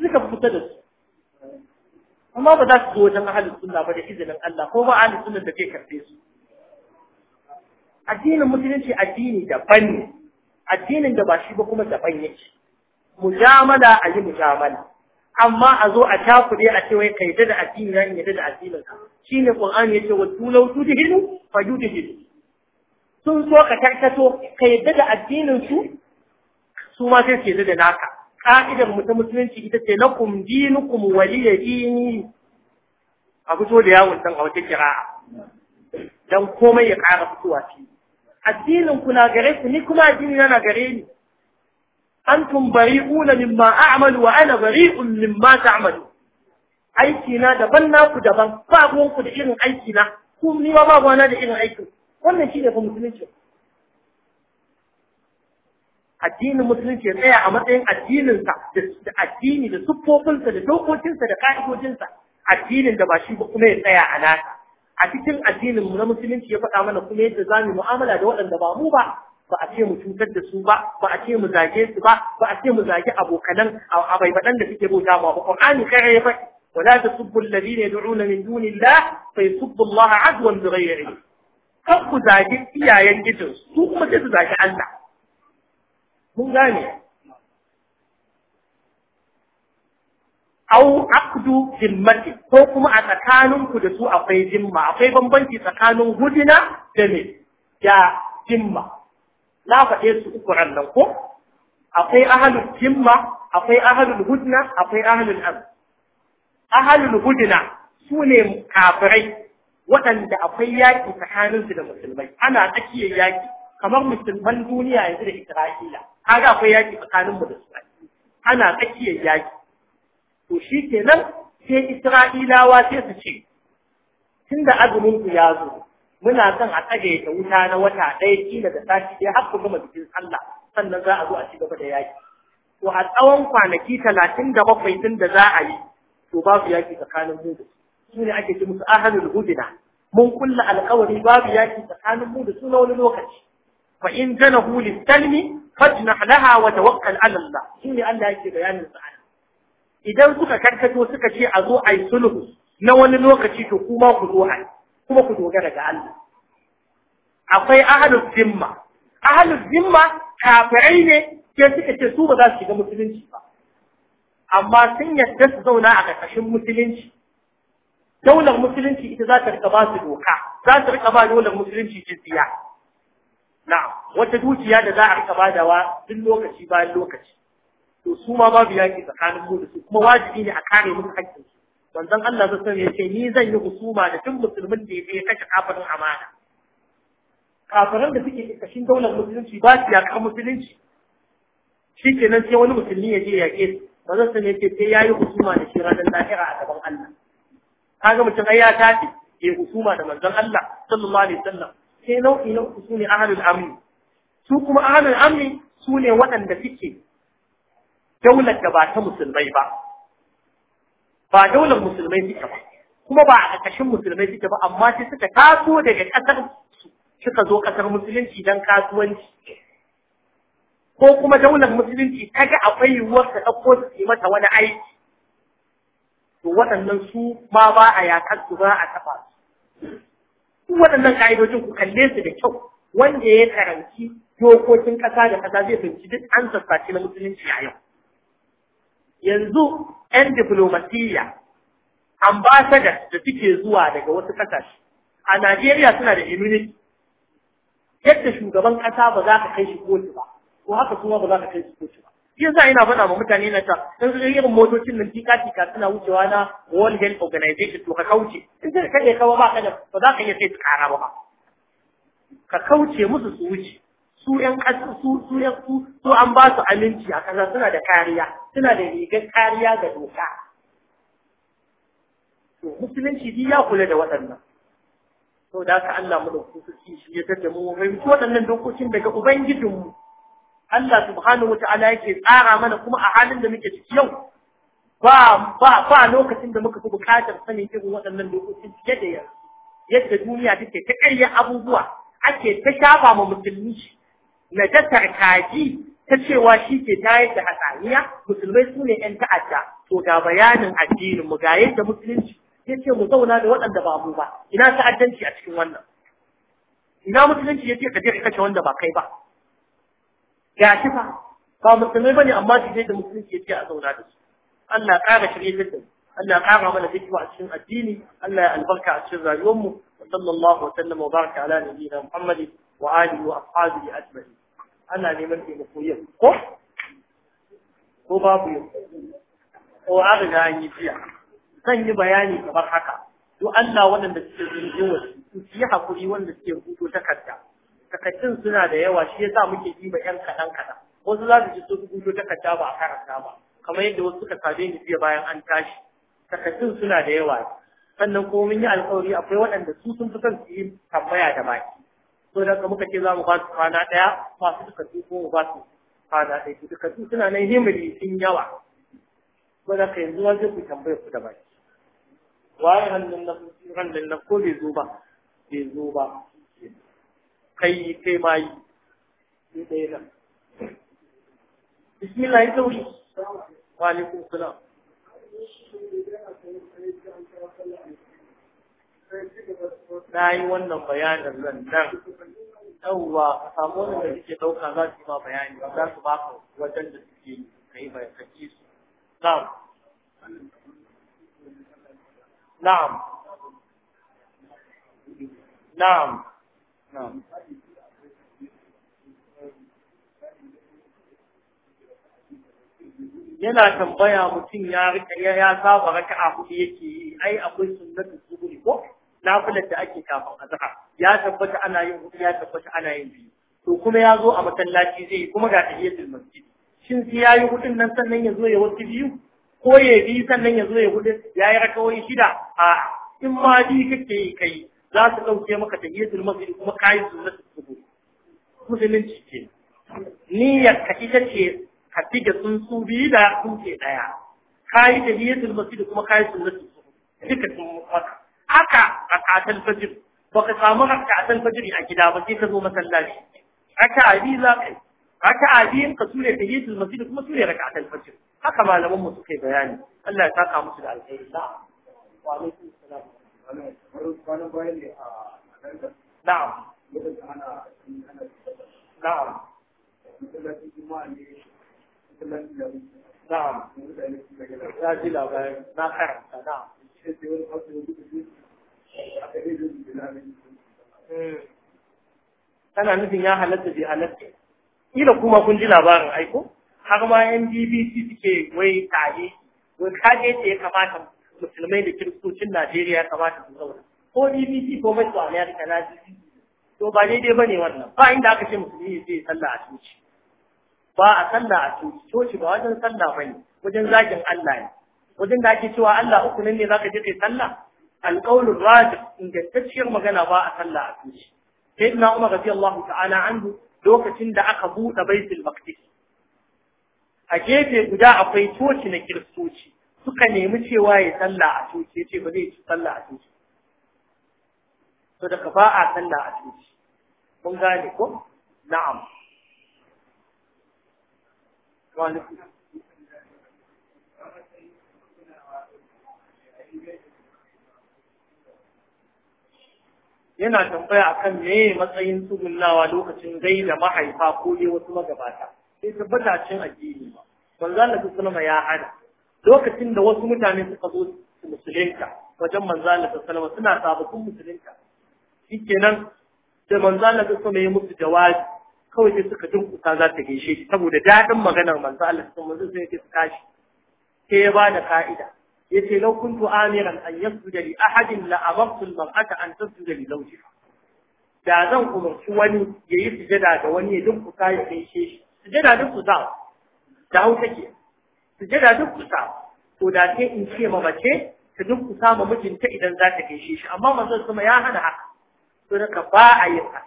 suka fita da su amma ba za su zo wajen ahalin suna ba da izinin Allah ko ba ahalin sunan da zai karfe su addinin musulunci addini daban ne addinin da ba shi ba kuma daban yake mujamala a yi mujamala amma a zo a cakuɗe a ce wai kai da addini na in yadda da addinin ka shine qur'ani yace wa tulau tudhinu fa hidu. sun so ka karkato ka yadda da addinin su su ma sai su yadda da naka ka'idar mu ta musulunci ita ce lakum dinukum waliya dini a fito da yawon dan a wata kira'a dan komai ya kara fitowa fi addinin ku na gare ku ni kuma addini na gare ni antum bari'una mimma a'malu wa ana bari'un mimma ta'malu aiki na daban na ku daban ba ku da irin aiki na ku ni ma ba na da irin aikin wannan shi ne fa musulunci addinin musulunci ya tsaya a matsayin addininsa da addini da siffofinsa da dokokinsa da ka'idojinsa addinin da ba shi ba kuma ya tsaya a nasa a cikin addinin mu na musulunci ya faɗa mana kuma yadda za mu mu'amala da waɗanda ba mu ba ba a ce mu cutar da su ba ba a ce mu zage su ba ba a ce mu zage abokanan a baibaɗan da suke bauta ma ba Qur'ani kare ya faɗi ولا تسبوا الذين يدعون من دون الله فيسبوا الله عدوا بغير علم kan ku zage iyayen gidan su kuma su zage Allah Kun gane au aqdu zimmati ko kuma a tsakaninku da su akwai zimma akwai bambanci tsakanin hudina da me da zimma na faɗe su uku nan ko akwai ahlul zimma akwai ahlul hudna akwai ahlul ard ahlul su sune kafirai waɗanda akwai yaƙi tsakaninsu da musulmai ana tsakiyar yaƙi kamar musulman duniya yanzu da isra'ila kaga akwai yaki tsakanin mu da su ana tsakiyar yaki to shi kenan sai Isra'ilawa sai su ce tunda azumin ku ya zo muna son a tsage ta wuta na wata ɗaya kila da sati ɗaya har ku gama bikin Allah sannan za a zo a ci gaba da yaki to a tsawon kwanaki talatin da bakwai din da za a yi to babu yaki tsakanin mu da su ne ake ce musu ahalul hudina mun kulla alkawari babu yaki tsakanin mu da su na wani lokaci fa in janahu lis-salmi Fajna laha wa tawakkal ala Allah shine Allah yake bayanin sa idan suka karkato suka ce a zo ai sulhu na wani lokaci to kuma ku zo ai kuma ku dogara ga Allah akwai ahlul zimma ahlul zimma kafirai ne ke suka ce su ba za su shiga musulunci ba amma sun yadda su zauna a ƙarƙashin musulunci daular musulunci ita za ta rika ba su doka za ta rika ba daular musulunci jizya na wata dukiya da za a rika badawa duk lokaci bayan lokaci to su ma babu yaki tsakanin su da su kuma wajibi ne a kare musu haƙƙin su Wanzan Allah zai sani yace ni zan yi husuma da duk musulmin da ya kashe kafirin amana kafirin da suke kashin daular musulunci ba su yaƙar musulunci kenan sai wani musulmi ya je yaƙe su manzon sani ce sai yayi husuma da shi ranar lahira a gaban Allah kaga mutum ai ya tafi ya husuma da manzon Allah sallallahu alaihi wasallam sai nau'i uku su ne ahalul amni su kuma ahalul amni su ne waɗanda suke daular da ba ta musulmai ba ba daular musulmai suke ba kuma ba a ƙarƙashin musulmai suke ba amma sai suka taso daga ƙasar su suka zo ƙasar musulunci don kasuwanci ko kuma daular musulunci ta ga akwai yiwuwar ta ɗauko su yi mata wani aiki to waɗannan su ma ba a yaƙar su ba a taɓa su waɗannan ƙa'idojin ku kalle su da kyau wanda ya karanci dokokin ƙasa da ƙasa zai fahimci duk an sassace na musulunci a yau. Yanzu 'yan diflomasiyya, ambassadors da suke zuwa daga wasu ƙasashe, a Najeriya suna da immunity. Yadda shugaban ƙasa ba za ka kai shi kotu ba, ko haka kuma ba za ka kai shi kotu ba. shi yasa ina faɗa ma mutane na ta sun ga irin motocin nan tika tika suna wucewa na World Health Organization to ka kauce in ka kaje kawa ba ka da ba za ka iya sai tsara ba ka kauce musu su wuce su ƴan ƙasa su su ƴan su su an ba su aminci a ƙasa suna da kariya suna da rigar kariya ga doka to musulunci duk ya kula da waɗannan to da ka Allah mu da kusurci shi ya tattamu mu mu fahimci waɗannan dokokin daga ubangijinmu Allah subhanahu wata'ala yake tsara mana kuma a halin da muke ciki yau ba ba ba lokacin da muka fi bukatar sanin irin waɗannan lokacin fiye da yanzu yadda duniya take ta ƙarya abubuwa ake ta shafa ma musulmi na kaji ta cewa shi ke tayar da hatsaniya musulmai su ne ‘yan ta'adda to ga bayanin addinin mu ga yadda musulunci ya ce mu zauna da waɗanda ba mu ba ina ta'addanci a cikin wannan ina musulunci ya ce ka je ka kashe wanda ba kai ba ga shi fa ba musulmai bane amma su da ke yake a zauna da su Allah ƙara shirye da su Allah ƙara mana hikima a cikin addini Allah ya albarka a cikin rayuwar mu sallallahu wa sallam wa baraka ala nabiyyina Muhammad wa alihi wa ashabihi ajma'in ana neman taimako yau ko ko babu yau ko a riga an yi jiya zan yi bayani kamar haka to Allah waɗanda suke wasu. su yi hakuri wanda suke rubuto takarda takardun suna da yawa shi ya sa muke ba yan kaɗan kaɗan wasu za su ji su ta kaca ba a karanta ba kamar yadda wasu suka same ni jiya bayan an tashi takardun suna da yawa sannan kuma mun yi alƙawari akwai waɗanda su sun fi son su yi tambaya da baki so da ka muka ce za mu ba su kwana ɗaya masu su, ko mu ba su kwana ɗaya su takardu suna nan himili sun yawa ko da ka yanzu wa zai ku tambaya ku da baki waye hannun hannun nan ko bai zo ba bai zo ba kai kai ma yi in ɗaya nan bismillah ita wuri. wa alaikum salam na yi wannan bayanin nan nan yawwa a samu wani da suke ɗauka za su yi ma bayani za su baka wajen da suke yi bayan kaki su na'am na'am na'am yana tambaya mutum ya rika ya ya saba raka'a hudu yake yi ai akwai sunnatu zuhuri ko nafilar da ake kafin azhar ya tabbata ana yin hudu ya tabbata ana yin biyu to kuma ya zo a masallaci zai yi kuma ga tahiyatul masjid shin sai ya yi hudun nan sannan ya zo ya wasu biyu ko ya bi sannan ya zo ya hudu ya yi rakawai shida a in ma bi kake yi kai za su ɗauke maka tahiyatul masjid kuma kayi sunnatul subuh musulunci ke niyyar ka ita ce ka sun tsuntsu biyu da ke ɗaya kayi tahiyatul masjid kuma kayi sunnatul subuh duka sun maka haka a katal Ba ka samu raka'atan Fajir a gida ba sai ka zo masallaci a biyu za ka yi a biyu ka sune tahiyatul masjid kuma sune raka'atan Fajir. haka malaman mu suka yi bayani Allah ya saka musu da alheri wa alaikum salam na'am na'am hmm. tana nufin ya halatta bai halatta kila kuma kun ji labarin aiko har ma yan bbc suke wai tare wai kaje ce ya kamata musulmai da kiristocin Najeriya ya kamata su zauna ko BBC ko mai su Amerika na BBC to ba daidai ba ne wannan ba inda aka ce musulmi ne zai sallah a coci ba a sallah a coci coci ba wajen sallah ba ne wajen zagin Allah ne wajen da ake cewa Allah uku nan ne za ka je kai sallah alqaulur rajih ingantacciyar magana ba a sallah a coci sayyidina Umar radiyallahu ta'ala anhu lokacin da aka buɗe baitul maqdis a gefe guda akwai coci na kiristoci suka nemi cewa ya sallah a coci ce ba zai ci sallah a coci to daga ba a sallah a coci kun gane ko na'am yana tambaya akan meye matsayin tsugullawa lokacin da mahaifa ko dai wasu magabata sai tabbata cin addini ba manzo Allah sallama ya hada lokacin da wasu mutane suka zo su musulunta wajen manzo da sallallahu alaihi suna sababbin musulunta nan, da manzo Allah sallallahu musu jawabi kawai sai suka kusa za ta gaishe shi saboda daɗin maganar Manzala, Allah sallallahu alaihi kashi, sai ya da ka'ida. ya ce ka'ida yace law kuntu amiran an a li ahadin a amartu al-mar'ata an su jari lauje. da zan umarci wani ya yayi sujada da wani ya kusa ya gaishe shi Su sujada dunkusa da hau ke sujada duk kusa ko da sai in ce ma mace ta duk kusa ma mijinta idan za ta gaishe shi amma manzon kuma ya hana haka to daga ba a yi haka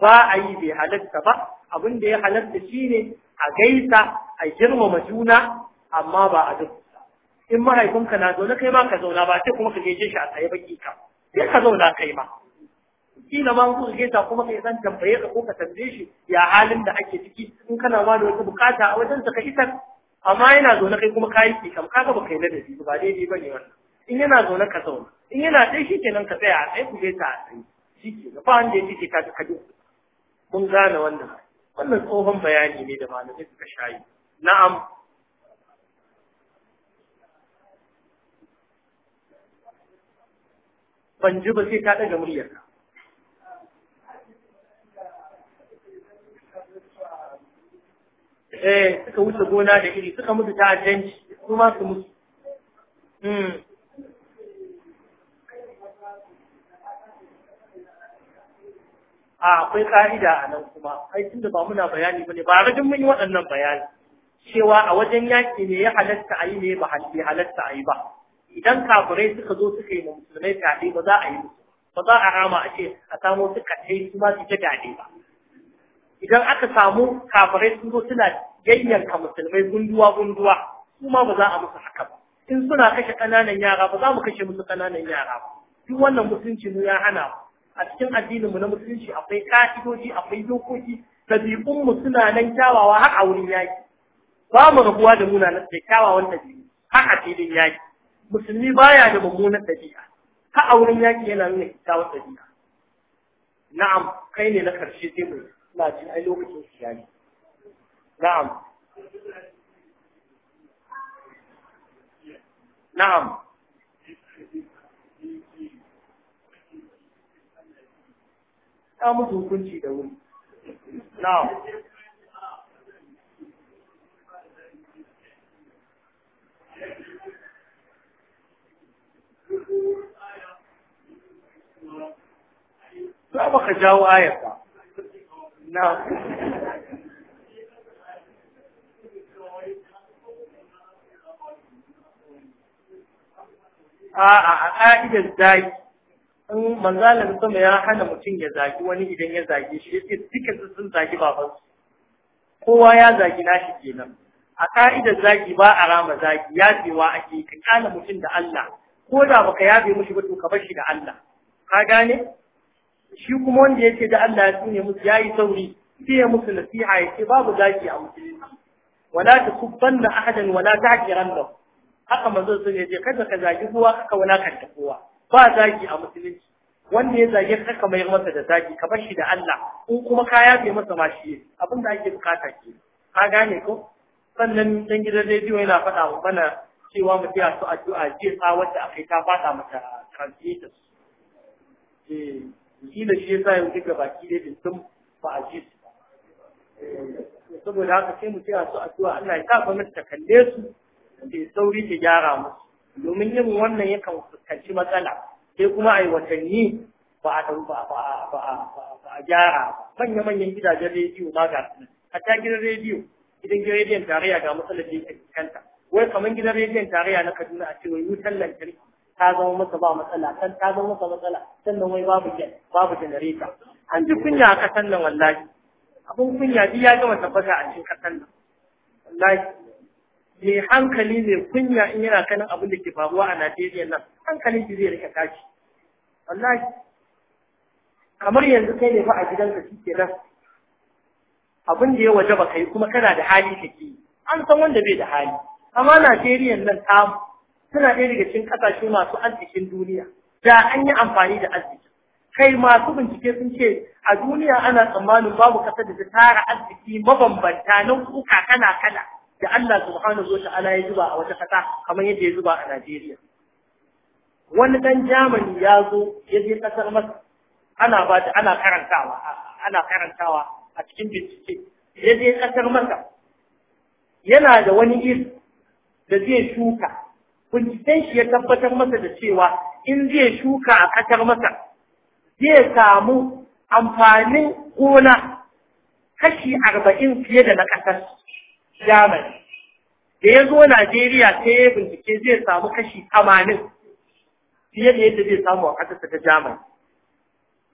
ba a yi bai halarta ba abin da ya halatta shine a gaisa a girmama juna amma ba a duk in mahaifinka na zaune kai ma ka zauna ba sai kuma ka gaishe shi a tsaye baki ka sai ka zauna kai ma kila ma ku gaisa kuma kai zan tambaye ka ko ka tambaye shi ya halin da ake ciki in kana ma da wata bukata a wajen ka isar amma yana zaune kai kuma kayi ki kam kaga baka yi ladabi ba dai dai bane wannan in yana zaune ka zauna in yana dai shikenan ka tsaya a tsaye ku je a tsaye shikenan ba wanda ya yake ka ka ji mun gane wannan wannan tsohon bayani ne da malamai suka shayi na'am ban ji ba sai ka daga muryarka eh suka wuce gona da iri suka mutu ta addanci su ma su mutu hmm. a akwai ka'ida a nan kuma ai tunda ba muna bayani bane ba rajin mun yi waɗannan bayani cewa a wajen yaki ne ya halatta a yi ne ba halatta a yi ba idan kafirai suka zo suka yi musulmai fyaɗe ba za a yi musu ba za a rama a ce a samo suka kai su ma su ta fyaɗe ba idan aka samu kafirai sun zo suna ka musulmai gunduwa gunduwa kuma ba za a musu haka ba in suna kashe ƙananan yara ba za mu kashe musu ƙananan yara ba duk wannan mutunci mu ya hana ba, a cikin addinin mu na mutunci akwai ka'idoji akwai dokoki tabi'un mu suna nan kyawawa har a wurin yaki ba mu rabuwa da munanan da kyawawan ɗabi'u har a filin yaki musulmi baya da mummunan ɗabi'a, ha a wurin yaki yana nuna kyakkyawar tabi'a na'am kai ne na karshe sai mu ina jin ai lokacin siyasa na'am na'am ta musu hukunci da wuri na'am Za ba ka jawo ayar ba. Na. a'a a ka'idar zagi. in manzalar sama ya hana mutum ya zagi wani idan ya zage shi yace duka sun zagi babansu kowa ya zagi nashi kenan a ka'idar zagi ba a rama zagi yafewa ake ka kana mutum da Allah ko da baka yabe mushi ba to ka bar shi da Allah ka gane shi kuma wanda yake da Allah ya tsine musu yayi sauri sai ya musu nasiha ce babu zagi a mutum wala takubbanna ahadan wala ta'kiranna haka manzon sun yace kada ka zagi kowa kaka ta kowa ba zagi a musulunci wanda ya zage ka ka mayar masa da zagi ka bar shi da Allah in kuma ka yafe masa ma shi abin da ake bukata ke ka gane ko sannan dan gidan rediyo yana faɗa wa bana cewa mu a su addu'a ce sa wanda aka ta faɗa mata transmitter eh shi da shi yasa yau duka baki dai din sun ba a ji saboda haka sai mu a su addu'a Allah ya sa gwamnati ta kalle su bai sauri ke gyara musu domin yin wannan yakan fuskanci matsala sai kuma a yi watanni ba a a gyara manya-manyan gidajen rediyo ma ga su ta gidan rediyo gidan gidan rediyon tarayya ga matsalar da yake kanta wai kamar gidan rediyon tarayya na Kaduna a ce wai wutar lantarki ta zama masa ba matsala kan ta zama masa matsala sannan wai babu gen babu janareta. an ji kunya a kasan nan wallahi abun kunya duk ya gama tabbata a cikin kasan nan wallahi mai hankali ne kunya in yana kanin abin da ke faruwa a Najeriya nan hankalin shi zai rika tashi wallahi kamar yanzu kai ne fa a gidanka kike nan abin da ya waje ba kai kuma kana da hali kake an san wanda bai da hali amma Najeriya nan ta suna ɗaya daga cikin ƙasashe masu arzikin duniya da an yi amfani da arziki kai masu bincike sun ce a duniya ana tsammanin babu ƙasar da ta tara arziki mabambanta nan kuka kana kana da Allah subhanahu wa ta'ala ya zuba a wata kasa kamar yadda ya zuba a Najeriya wani dan Germany ya zo ya je kasar Masar ana ba ana karantawa ana karantawa a cikin bincike ya je kasar Masar yana da wani iri da zai shuka binciken shi ya tabbatar masa da cewa in zai shuka a kasar Masar zai samu amfanin gona kashi arba'in fiye da na ƙasar Germany. Da ya zo Najeriya sai ya bincike zai samu kashi tamanin fiye da yadda zai samu a ƙasarsa ta Germany.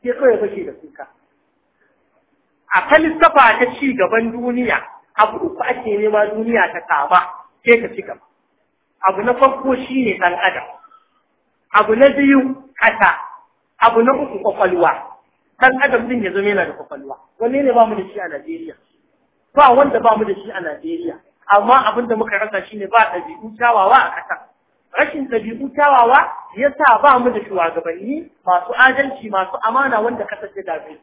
so kawai fashe da kuka. A falsafa ta ci gaban duniya, abu uku ake nema duniya ta kama sai ka ci gaba. Abu na farko shi ne ɗan adam. Abu na biyu ƙasa. Abu na uku kwakwalwa. Ɗan adam ɗin ya zama yana da kwakwalwa. Wanne ne ba mu da shi a Najeriya? ba wanda ba mu da shi a Najeriya amma abin da muka rasa shine ba ɗabi'u tawawa a kasa rashin ɗabi'u tawawa yasa ba mu da shugabanni masu adalci masu amana wanda ce da dame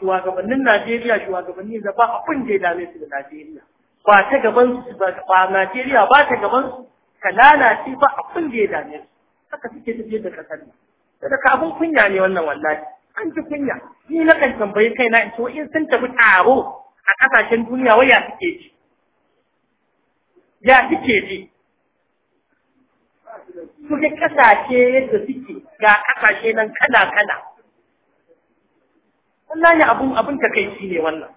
shugabannin Najeriya shugabanni da ba abin da ya dame su da Najeriya ba ta gaban su ba Najeriya ba ta gaban su ka lalace ba abin da ya dame su haka suke tafiyar da ƙasar nan da kafin kunya ne wannan wallahi an ji kunya ni na kan tambayi kaina in so in sun tafi taro a kasashen duniya wai ya suke ji ya suke ji suke kasashe yadda suke ga kasashe nan kala kala wallahi abun abun takaici ne wannan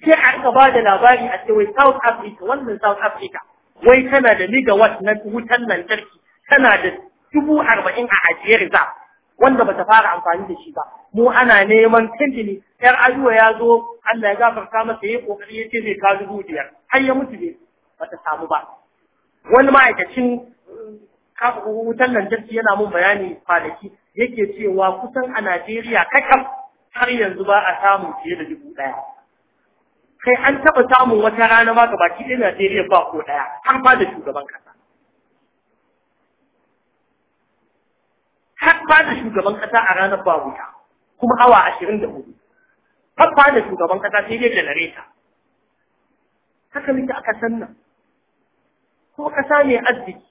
Ke a rika ba da labari a ce wai South Africa wannan South Africa wai tana da megawatt na wutan lantarki tana da dubu arba'in a ajiyar zafi wanda bata fara amfani da shi ba mu ana neman tintini yar ajuwa ya zo Allah ya gafarta masa yayi kokari yace zai ka dubu biyar har ya mutu ne bata samu ba wani ma'aikacin wutan lantarki yana mun bayani kwanaki yake cewa kusan a Najeriya kakam har yanzu ba a samu fiye da dubu ɗaya. Kai an taɓa samun wata rana ma ga baki ɗaya Najeriya ba ko ɗaya har ba da shugaban ka. har da shugaban kasa a ranar ba wuta kuma awa ashirin da hudu har da shugaban kasa sai dai janareta haka muke aka sannan ko kasa ne arziki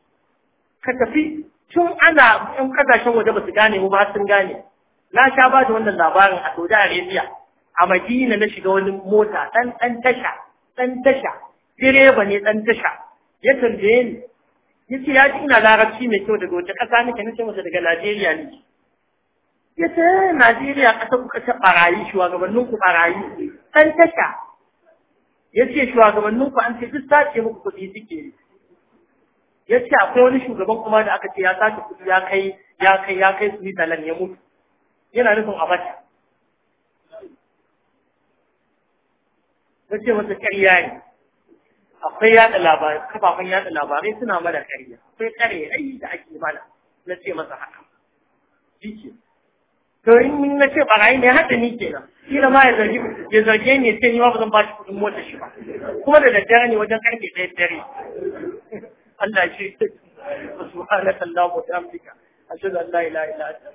ka tafi tun ana yan kasashen waje ba su gane mu ba sun gane na sha ba da wannan labarin a Saudi Arabia a Madina na shiga wani mota ɗan ɗan tasha ɗan tasha direba ne ɗan tasha ya tambaye ni yace ya ji ina larabci mai kyau daga wata ƙasa nake nace masa daga Najeriya ne ce eh, Najeriya ƙasa ku ƙasa barayi shugabannin ku barayi An tasha Ya ce shugabannin ku an ce duk sace muku kuɗi suke Ya ce akwai wani shugaban kuma da aka ce ya sace kuɗi ya kai ya kai ya kai talan ya mutu yana nufin Ya ce masa ƙarya ne akwai yada labarai kafafen yada labarai suna mana ƙarya akwai ƙare ai da ake mana na ce masa haka shi to in na ce barayi ne hada ni kenan kila ma ya zargi ya zarge ni ce ni ma ba zan ba shi kuɗin mota shi ba kuma da daddare ne wajen karfe ɗaya dare Allah shi subhanaka allahumma wa bihamdika ashhadu an la ilaha illa anta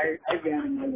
I, I, I